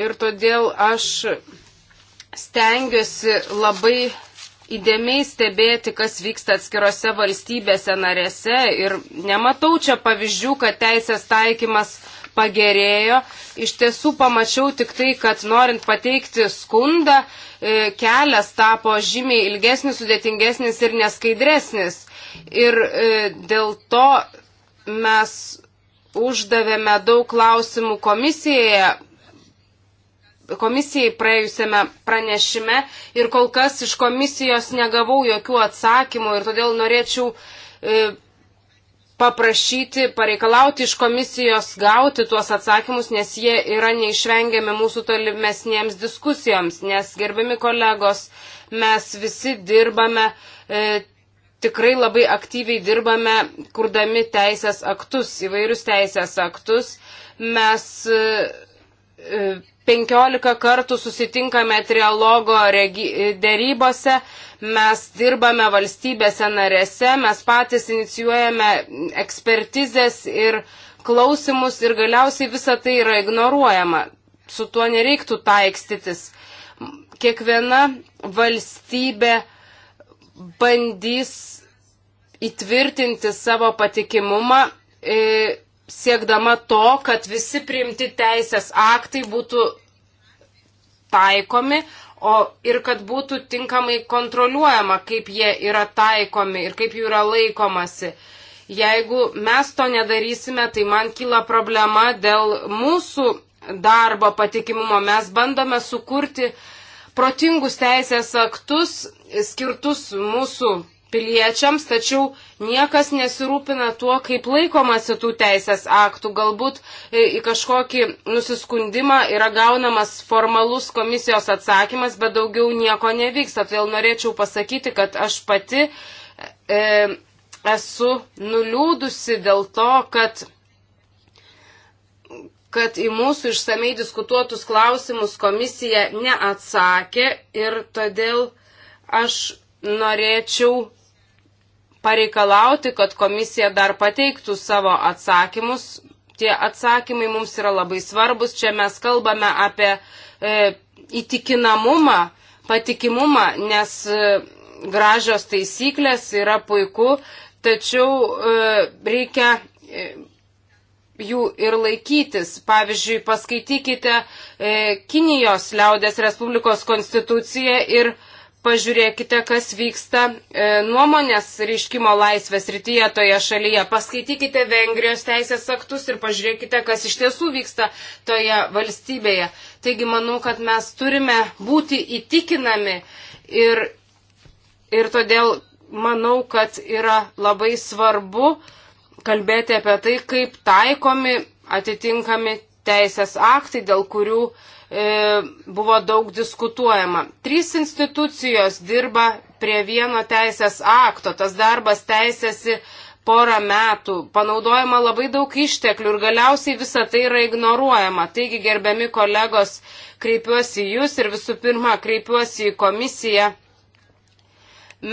Ir todėl aš stengiuosi labai įdėmiai stebėti, kas vyksta atskirose valstybėse narėse ir nematau čia pavyzdžių, kad teisės taikymas pagerėjo. Iš tiesų pamačiau tik tai, kad norint pateikti skundą, E, kelias tapo žymiai ilgesnis, sudėtingesnis ir neskaidresnis. Ir e, dėl to mes uždavėme daug klausimų komisijoje, komisijai praėjusiame pranešime ir kol kas iš komisijos negavau jokių atsakymų ir todėl norėčiau e, paprašyti, pareikalauti iš komisijos gauti tuos atsakymus, nes jie yra neišvengiami mūsų tolimesniems diskusijoms, nes gerbiami kolegos, mes visi dirbame, e, tikrai labai aktyviai dirbame, kurdami teisės aktus, įvairius teisės aktus. Mes e, e 15 kartų susitinkame trialogo dėrybose, mes dirbame valstybėse narėse, mes patys inicijuojame ekspertizės ir klausimus ir galiausiai visa tai yra ignoruojama. Su tuo nereiktų taikstytis. Kiekviena valstybė bandys įtvirtinti savo patikimumą. E, siekdama to, kad visi priimti teisės aktai būtų taikomi, o ir kad būtų tinkamai kontroliuojama, kaip jie yra taikomi ir kaip jų yra laikomasi. Jeigu mes to nedarysime, tai man kyla problema dėl mūsų darbo patikimumo. Mes bandome sukurti protingus teisės aktus skirtus mūsų piliečiams, tačiau niekas nesirūpina tuo, kaip laikomasi tų teisės aktų. Galbūt e, į kažkokį nusiskundimą yra gaunamas formalus komisijos atsakymas, bet daugiau nieko nevyksta. Todėl norėčiau pasakyti, kad aš pati e, esu nuliūdusi dėl to, kad kad į mūsų išsamei diskutuotus klausimus komisija neatsakė ir todėl aš norėčiau pareikalauti, kad komisija dar pateiktų savo atsakymus. Tie atsakymai mums yra labai svarbus. Čia mes kalbame apie e, įtikinamumą, patikimumą, nes e, gražios taisyklės yra puiku, tačiau e, reikia. E, jų ir laikytis. Pavyzdžiui, paskaitykite e, Kinijos liaudės Respublikos konstituciją ir e, pažiūrėkite, kas vyksta e, nuomonės reiškimo laisvės rytyje toje šalyje. Paskaitykite Vengrijos teisės aktus ir pažiūrėkite, kas iš tiesų vyksta toje valstybėje. Taigi manau, kad mes turime būti įtikinami ir, ir todėl manau, kad yra labai svarbu kalbėti apie tai, kaip taikomi atitinkami teisės aktai, dėl kurių uh, E, buvo daug diskutuojama. Trys institucijos dirba prie vieno teisės akto, tas darbas teisėsi porą metų, panaudojama labai daug išteklių ir galiausiai visa tai yra ignoruojama. Taigi, gerbiami kolegos, kreipiuosi į Jūs ir visų pirma kreipiuosi į komisiją.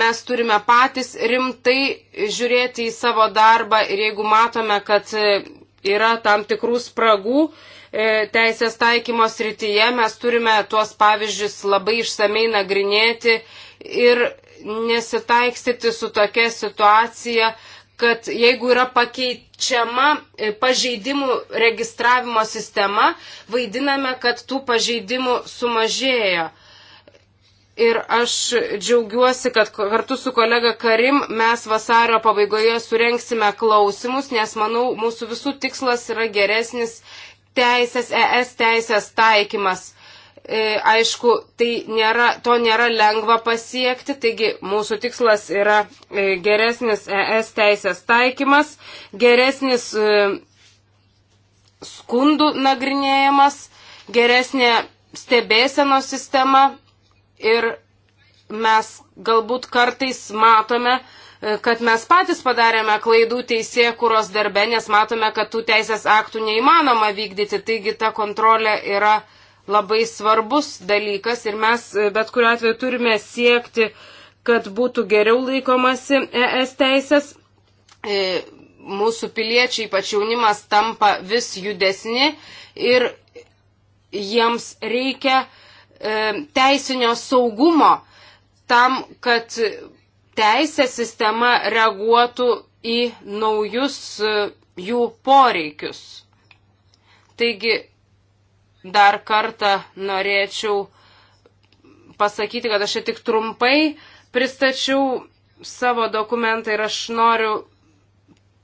Mes turime patys rimtai žiūrėti į savo darbą ir jeigu matome, kad yra tam tikrų spragų, E, teisės taikymos rytyje mes turime tuos pavyzdžius labai išsamei nagrinėti ir nesitaikstyti su tokia situacija, kad jeigu yra pakeičiama e, pažeidimų registravimo sistema, vaidiname, kad tų pažeidimų sumažėjo. Ir aš džiaugiuosi, kad kartu su kolega Karim mes vasario pabaigoje surenksime klausimus, nes manau, mūsų visų tikslas yra geresnis teisės, ES teisės taikymas. E, aišku, tai nėra, to nėra lengva pasiekti, taigi mūsų tikslas yra e, geresnis ES teisės taikymas, geresnis e, skundų nagrinėjimas, geresnė stebėsenos sistema ir mes galbūt kartais matome, E, kad mes patys padarėme klaidų teisėkuros darbe, nes matome, kad tų teisės aktų neįmanoma vykdyti. Taigi ta kontrolė yra labai svarbus dalykas ir mes e, bet kuriuo atveju turime siekti, kad būtų geriau laikomasi ES teisės. E, mūsų piliečiai, ypač jaunimas, tampa vis judesni ir jiems reikia teisinio saugumo tam, kad teisės sistema reaguotų į naujus e, jų poreikius. Taigi, dar kartą norėčiau pasakyti, kad aš čia tik trumpai pristačiau savo dokumentą ir aš noriu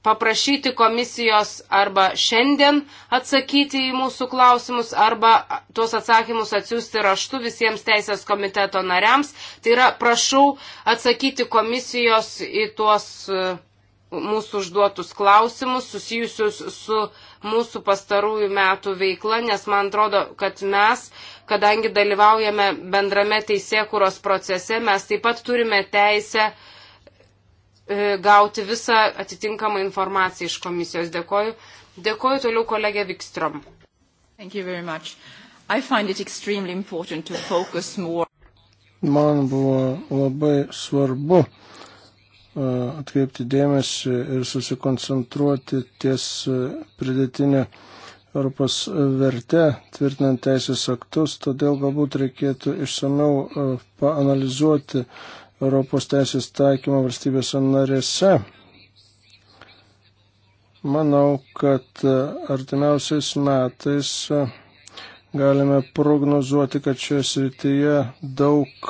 paprašyti komisijos arba šiandien atsakyti į mūsų klausimus, arba tuos atsakymus atsiųsti raštu visiems teisės komiteto nariams. Tai yra, prašau atsakyti komisijos į tuos e, mūsų užduotus klausimus susijusius su mūsų pastarųjų metų veikla, nes man atrodo, kad mes, kadangi dalyvaujame bendrame teisėkuros procese, mes taip pat turime teisę uh, E, gauti visą atitinkamą informaciją iš komisijos. Dėkoju. Dėkoju toliau kolegė Vikstrom. Man buvo labai svarbu e, atkreipti dėmesį ir susikoncentruoti ties e, pridėtinę Europos vertę, tvirtinant teisės aktus, todėl galbūt reikėtų išsameu paanalizuoti uh, Europos teisės taikymą valstybėse narėse. Manau, kad e, artimiausiais metais e, galime prognozuoti, kad šioje srityje daug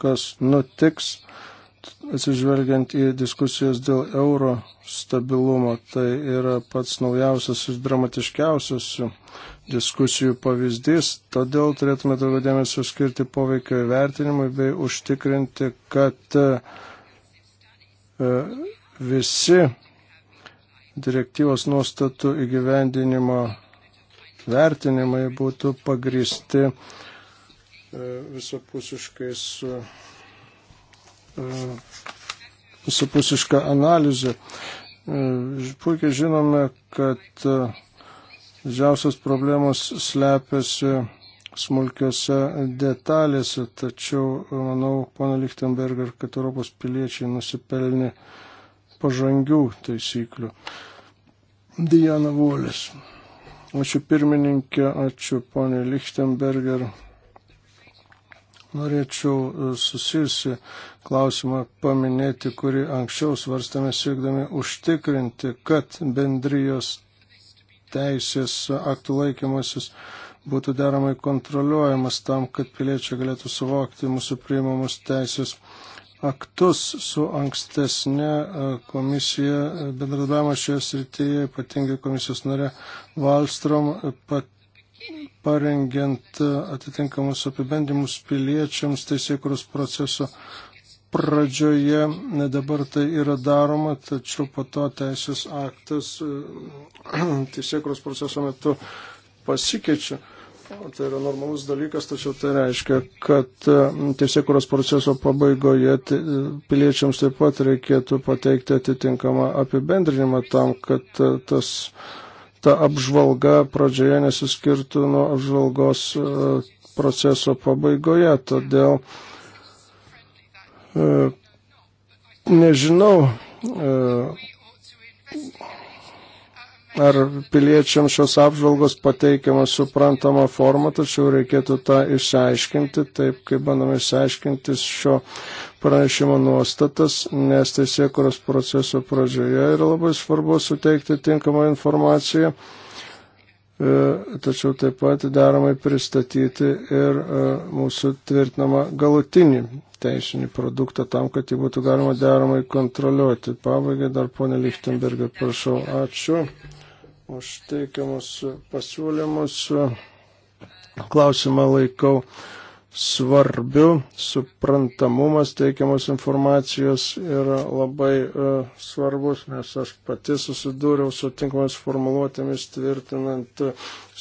kas nutiks, atsižvelgiant į diskusijas dėl euro stabilumo. Tai yra pats naujausias ir dramatiškiausias diskusijų pavyzdys, todėl turėtume daugiau dėmesio skirti poveikio įvertinimui bei užtikrinti, kad e, visi direktyvos nuostatų įgyvendinimo vertinimai būtų pagristi e, visapusiškais e, visapusišką analizę. Puikiai žinome, kad Didžiausios problemos slepiasi smulkiose detalėse, tačiau manau, pana Lichtenberger, kad Europos piliečiai nusipelnė pažangių taisyklių. Diana Volis. Ačiū pirmininkė, ačiū ponė Lichtenberger. Norėčiau e, susijusi klausimą paminėti, kurį anksčiau svarstame siekdami užtikrinti, kad bendrijos teisės aktų laikymasis būtų deramai kontroliuojamas tam, kad piliečiai galėtų suvokti mūsų priimamus teisės aktus su ankstesnė e, komisija e, bendradarbiavimo šioje srityje, ypatingai komisijos nare Valstrom, e, pat, parengiant atitinkamus apibendimus piliečiams teisėkurus proceso pradžioje, dabar tai yra daroma, tačiau po to teisės aktas e, (clears throat) teisėkros proceso metu pasikeičia. Tai yra normalus dalykas, tačiau tai reiškia, kad e, teisėkuros proceso pabaigoje e, piliečiams taip pat reikėtų pateikti atitinkamą apibendrinimą tam, kad tas, ta apžvalga pradžioje nesiskirtų nuo apžvalgos proceso pabaigoje. Todėl uh, E, nežinau, e, ar piliečiams šios apžvalgos pateikiama suprantama forma, tačiau reikėtų tą išsiaiškinti, taip kaip bandome išsiaiškinti šio pranešimo nuostatas, nes teisėkuros proceso pradžioje yra labai svarbu suteikti tinkamą informaciją, e, tačiau taip pat deramai pristatyti ir mūsų tvirtinamą galutinį teisinį produktą tam, kad jį būtų galima deramai kontroliuoti. Pabaigai dar ponė Lichtenberger, prašau, ačiū už teikiamus pasiūlymus. Klausimą laikau svarbiu, suprantamumas teikiamos informacijos yra labai uh, svarbus, nes aš pati susidūriau su tinkamomis formuluotėmis tvirtinant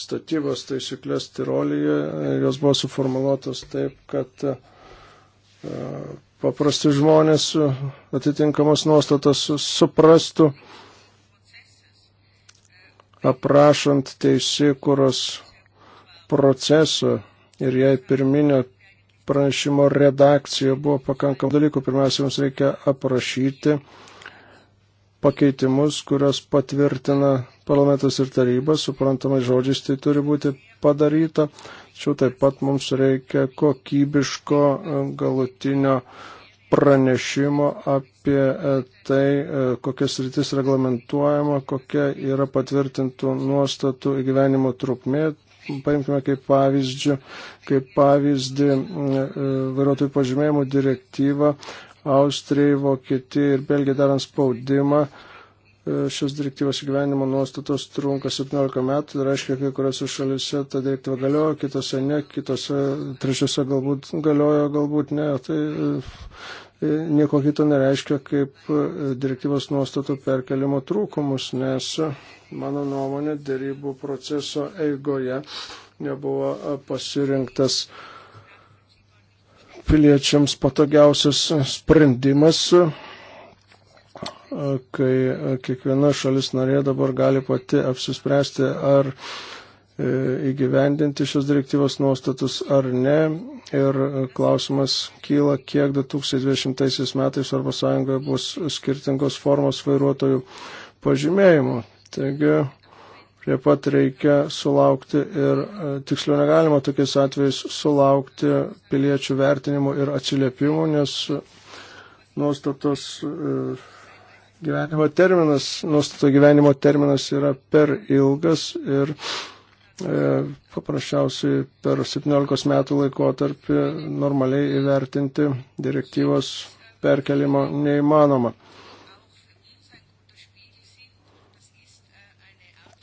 statybos taisyklės Tirolyje, jos buvo suformuluotos taip, kad uh, paprasti žmonės atitinkamas nuostatas suprastų, aprašant teisėkuros procesą ir jei pirminio pranešimo redakcija buvo pakankam dalykų, pirmiausia, jums reikia aprašyti pakeitimus, kurios patvirtina parlamentas ir taryba, suprantamai žodžiais tai turi būti padaryta. Tačiau taip pat mums reikia kokybiško e, galutinio pranešimo apie e, tai, e, kokias rytis reglamentuojama, kokia yra patvirtintų nuostatų įgyvenimo trukmė. Paimkime kaip pavyzdį, kaip pavyzdį vairuotojų pažymėjimų direktyvą Austrijai, Vokietijai ir Belgijai darant spaudimą E, šios direktyvos gyvenimo nuostatos trunka 17 metų, tai reiškia, kai kuriuose šalise ta direktyva galioja, kitose ne, kitose trečiose galbūt galioja, galbūt ne. Tai e, e, nieko kito nereiškia kaip direktyvos nuostatų perkelimo trūkumus, nes mano nuomonė dėrybų proceso eigoje nebuvo pasirinktas piliečiams patogiausias sprendimas kai kiekviena šalis narė dabar gali pati apsispręsti, ar e, įgyvendinti šios direktyvos nuostatus ar ne. Ir klausimas kyla, kiek 2020 metais Europos Sąjungoje bus skirtingos formos vairuotojų pažymėjimų. Taigi prie pat reikia sulaukti ir e, tiksliau negalima tokiais atvejais sulaukti piliečių vertinimų ir atsiliepimų, nes nuostatos. E, gyvenimo terminas, nuostato gyvenimo terminas yra per ilgas ir e, paprasčiausiai per 17 metų laikotarpį normaliai įvertinti direktyvos perkelimo neįmanoma.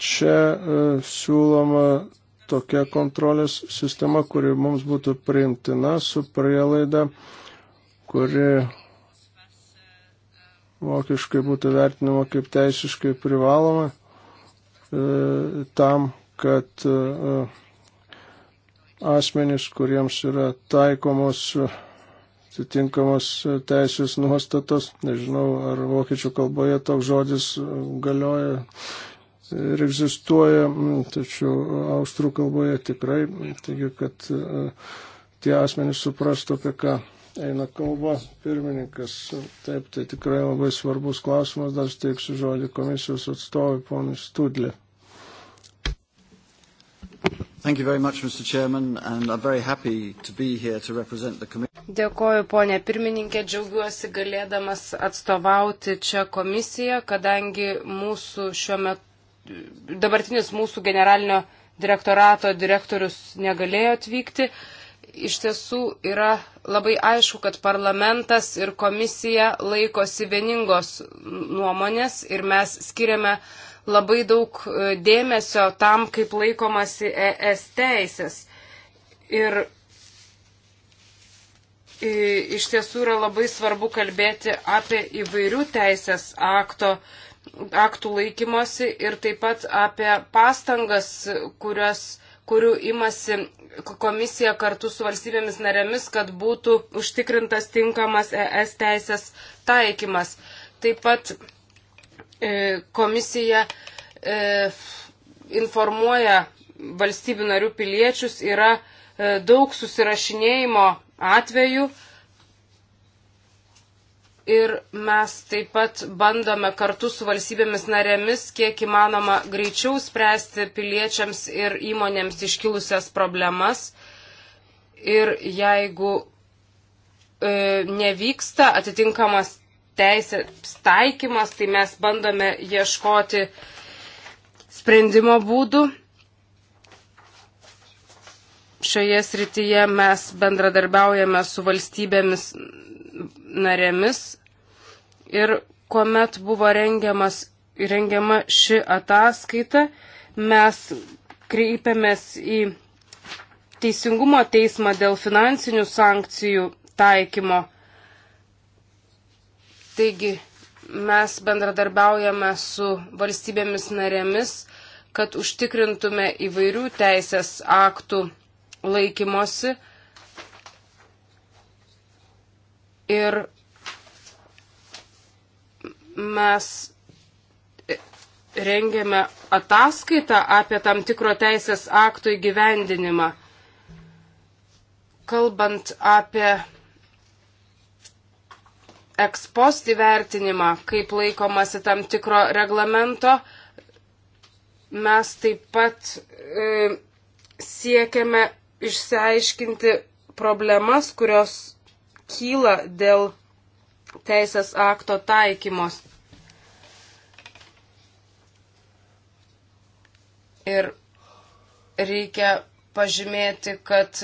Čia e, siūloma tokia kontrolės sistema, kuri mums būtų priimtina su prielaida, kuri vokiškai būtų vertinama kaip teisiškai privaloma e, tam, kad e, e, asmenys, kuriems yra taikomos atitinkamos teisės nuostatos, nežinau, ar vokiečių kalboje toks žodis galioja ir egzistuoja, tačiau austrų kalboje tikrai, taigi, kad tie asmenys suprastų, apie ką eina kalba. Pirmininkas, taip, tai tikrai labai svarbus klausimas, dar steiksiu žodį komisijos atstovui, ponui Studlė. Thank you very much, Mr. Chairman, and I'm very happy to be here to represent the Commission. Dėkoju, ponė pirmininkė, džiaugiuosi galėdamas atstovauti čia komisiją, kadangi mūsų šiuo metu, dabartinis mūsų generalinio direktorato direktorius negalėjo atvykti. Uh, iš tiesų yra labai aišku, kad parlamentas ir komisija laikosi vieningos nuomonės ir mes skiriame labai daug e, dėmesio tam, kaip laikomasi ES teisės. Ir iš tiesų yra labai svarbu kalbėti apie įvairių teisės akto, aktų laikymosi ir taip pat apie pastangas, kurios kurių imasi komisija kartu su valstybėmis narėmis, kad būtų užtikrintas tinkamas ES teisės taikymas. Taip pat e, komisija e, informuoja valstybių narių piliečius, yra e, daug susirašinėjimo atvejų, ir mes taip pat bandome kartu su valstybėmis narėmis kiek įmanoma greičiau spręsti piliečiams ir įmonėms iškilusias problemas. Ir jeigu e, nevyksta atitinkamas teisės taikymas, tai mes bandome ieškoti sprendimo būdų. Šioje srityje mes bendradarbiaujame su valstybėmis narėmis ir kuomet buvo rengiamas, rengiama ši ataskaita, mes kreipėmės į Teisingumo teismą dėl finansinių sankcijų taikymo. Taigi mes bendradarbiaujame su valstybėmis narėmis, kad užtikrintume įvairių teisės aktų laikymosi Ir mes rengiame ataskaitą apie tam tikro teisės akto įgyvendinimą. Kalbant apie ekspost įvertinimą, kaip laikomasi tam tikro reglamento, mes taip pat e, siekiame išsiaiškinti problemas, kurios kyla dėl teisės akto taikymos. Ir reikia pažymėti, kad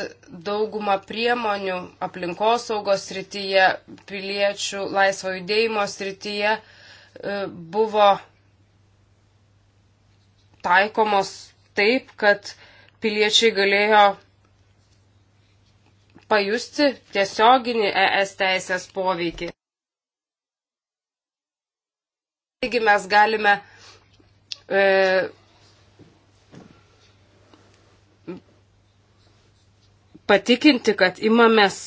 dauguma priemonių aplinkosaugos srityje, piliečių laisvo judėjimo srityje e, buvo taikomos taip, kad piliečiai galėjo pajusti tiesioginį ES teisės poveikį. Taigi mes galime e, patikinti, kad imamės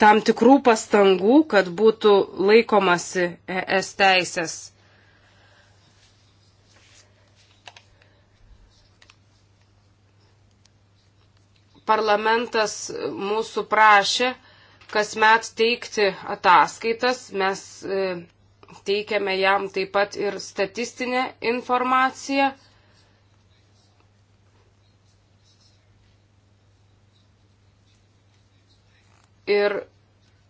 tam tikrų pastangų, kad būtų laikomasi ES teisės parlamentas mūsų prašė kasmet teikti ataskaitas. Mes e, teikiame jam taip pat ir statistinę informaciją. Ir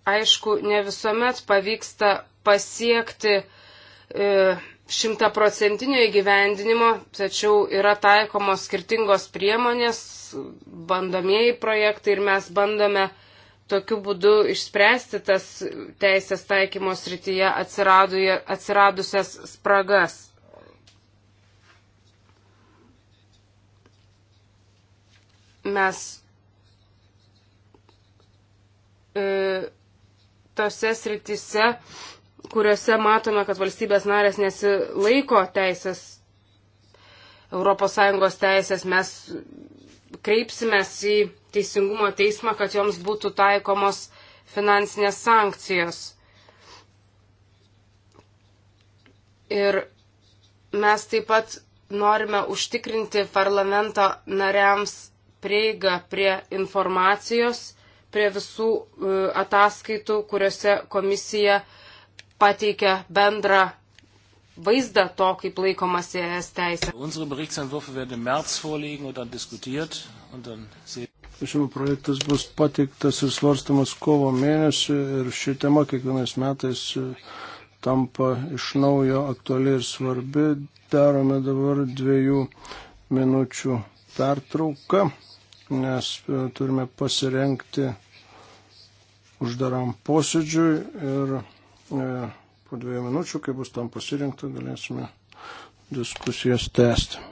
aišku, ne visuomet pavyksta pasiekti e, šimtaprocentinio įgyvendinimo, tačiau yra taikomos skirtingos priemonės, bandomieji projektai ir mes bandome tokiu būdu išspręsti tas teisės taikymo srityje atsiradusias spragas. Mes e, tose srityse kuriuose matome, kad valstybės narės nesilaiko teisės, ES teisės, mes kreipsimės į Teisingumo teismą, kad joms būtų taikomos finansinės sankcijos. Ir mes taip pat norime užtikrinti parlamento nariams prieigą prie informacijos, prie visų e, ataskaitų, kuriuose komisija uh, pateikia bendrą vaizdą to, kaip laikomasi ES teisė. Šimų projektas bus pateiktas ir svarstamas kovo mėnesį ir ši tema kiekvienais metais e, tampa iš naujo aktuali ir svarbi. Darome dabar dviejų minučių pertrauką, nes e, turime pasirenkti uždaram posėdžiui ir E, po dviejų minučių, kai bus tam pasirinkta, galėsime diskusijas tęsti.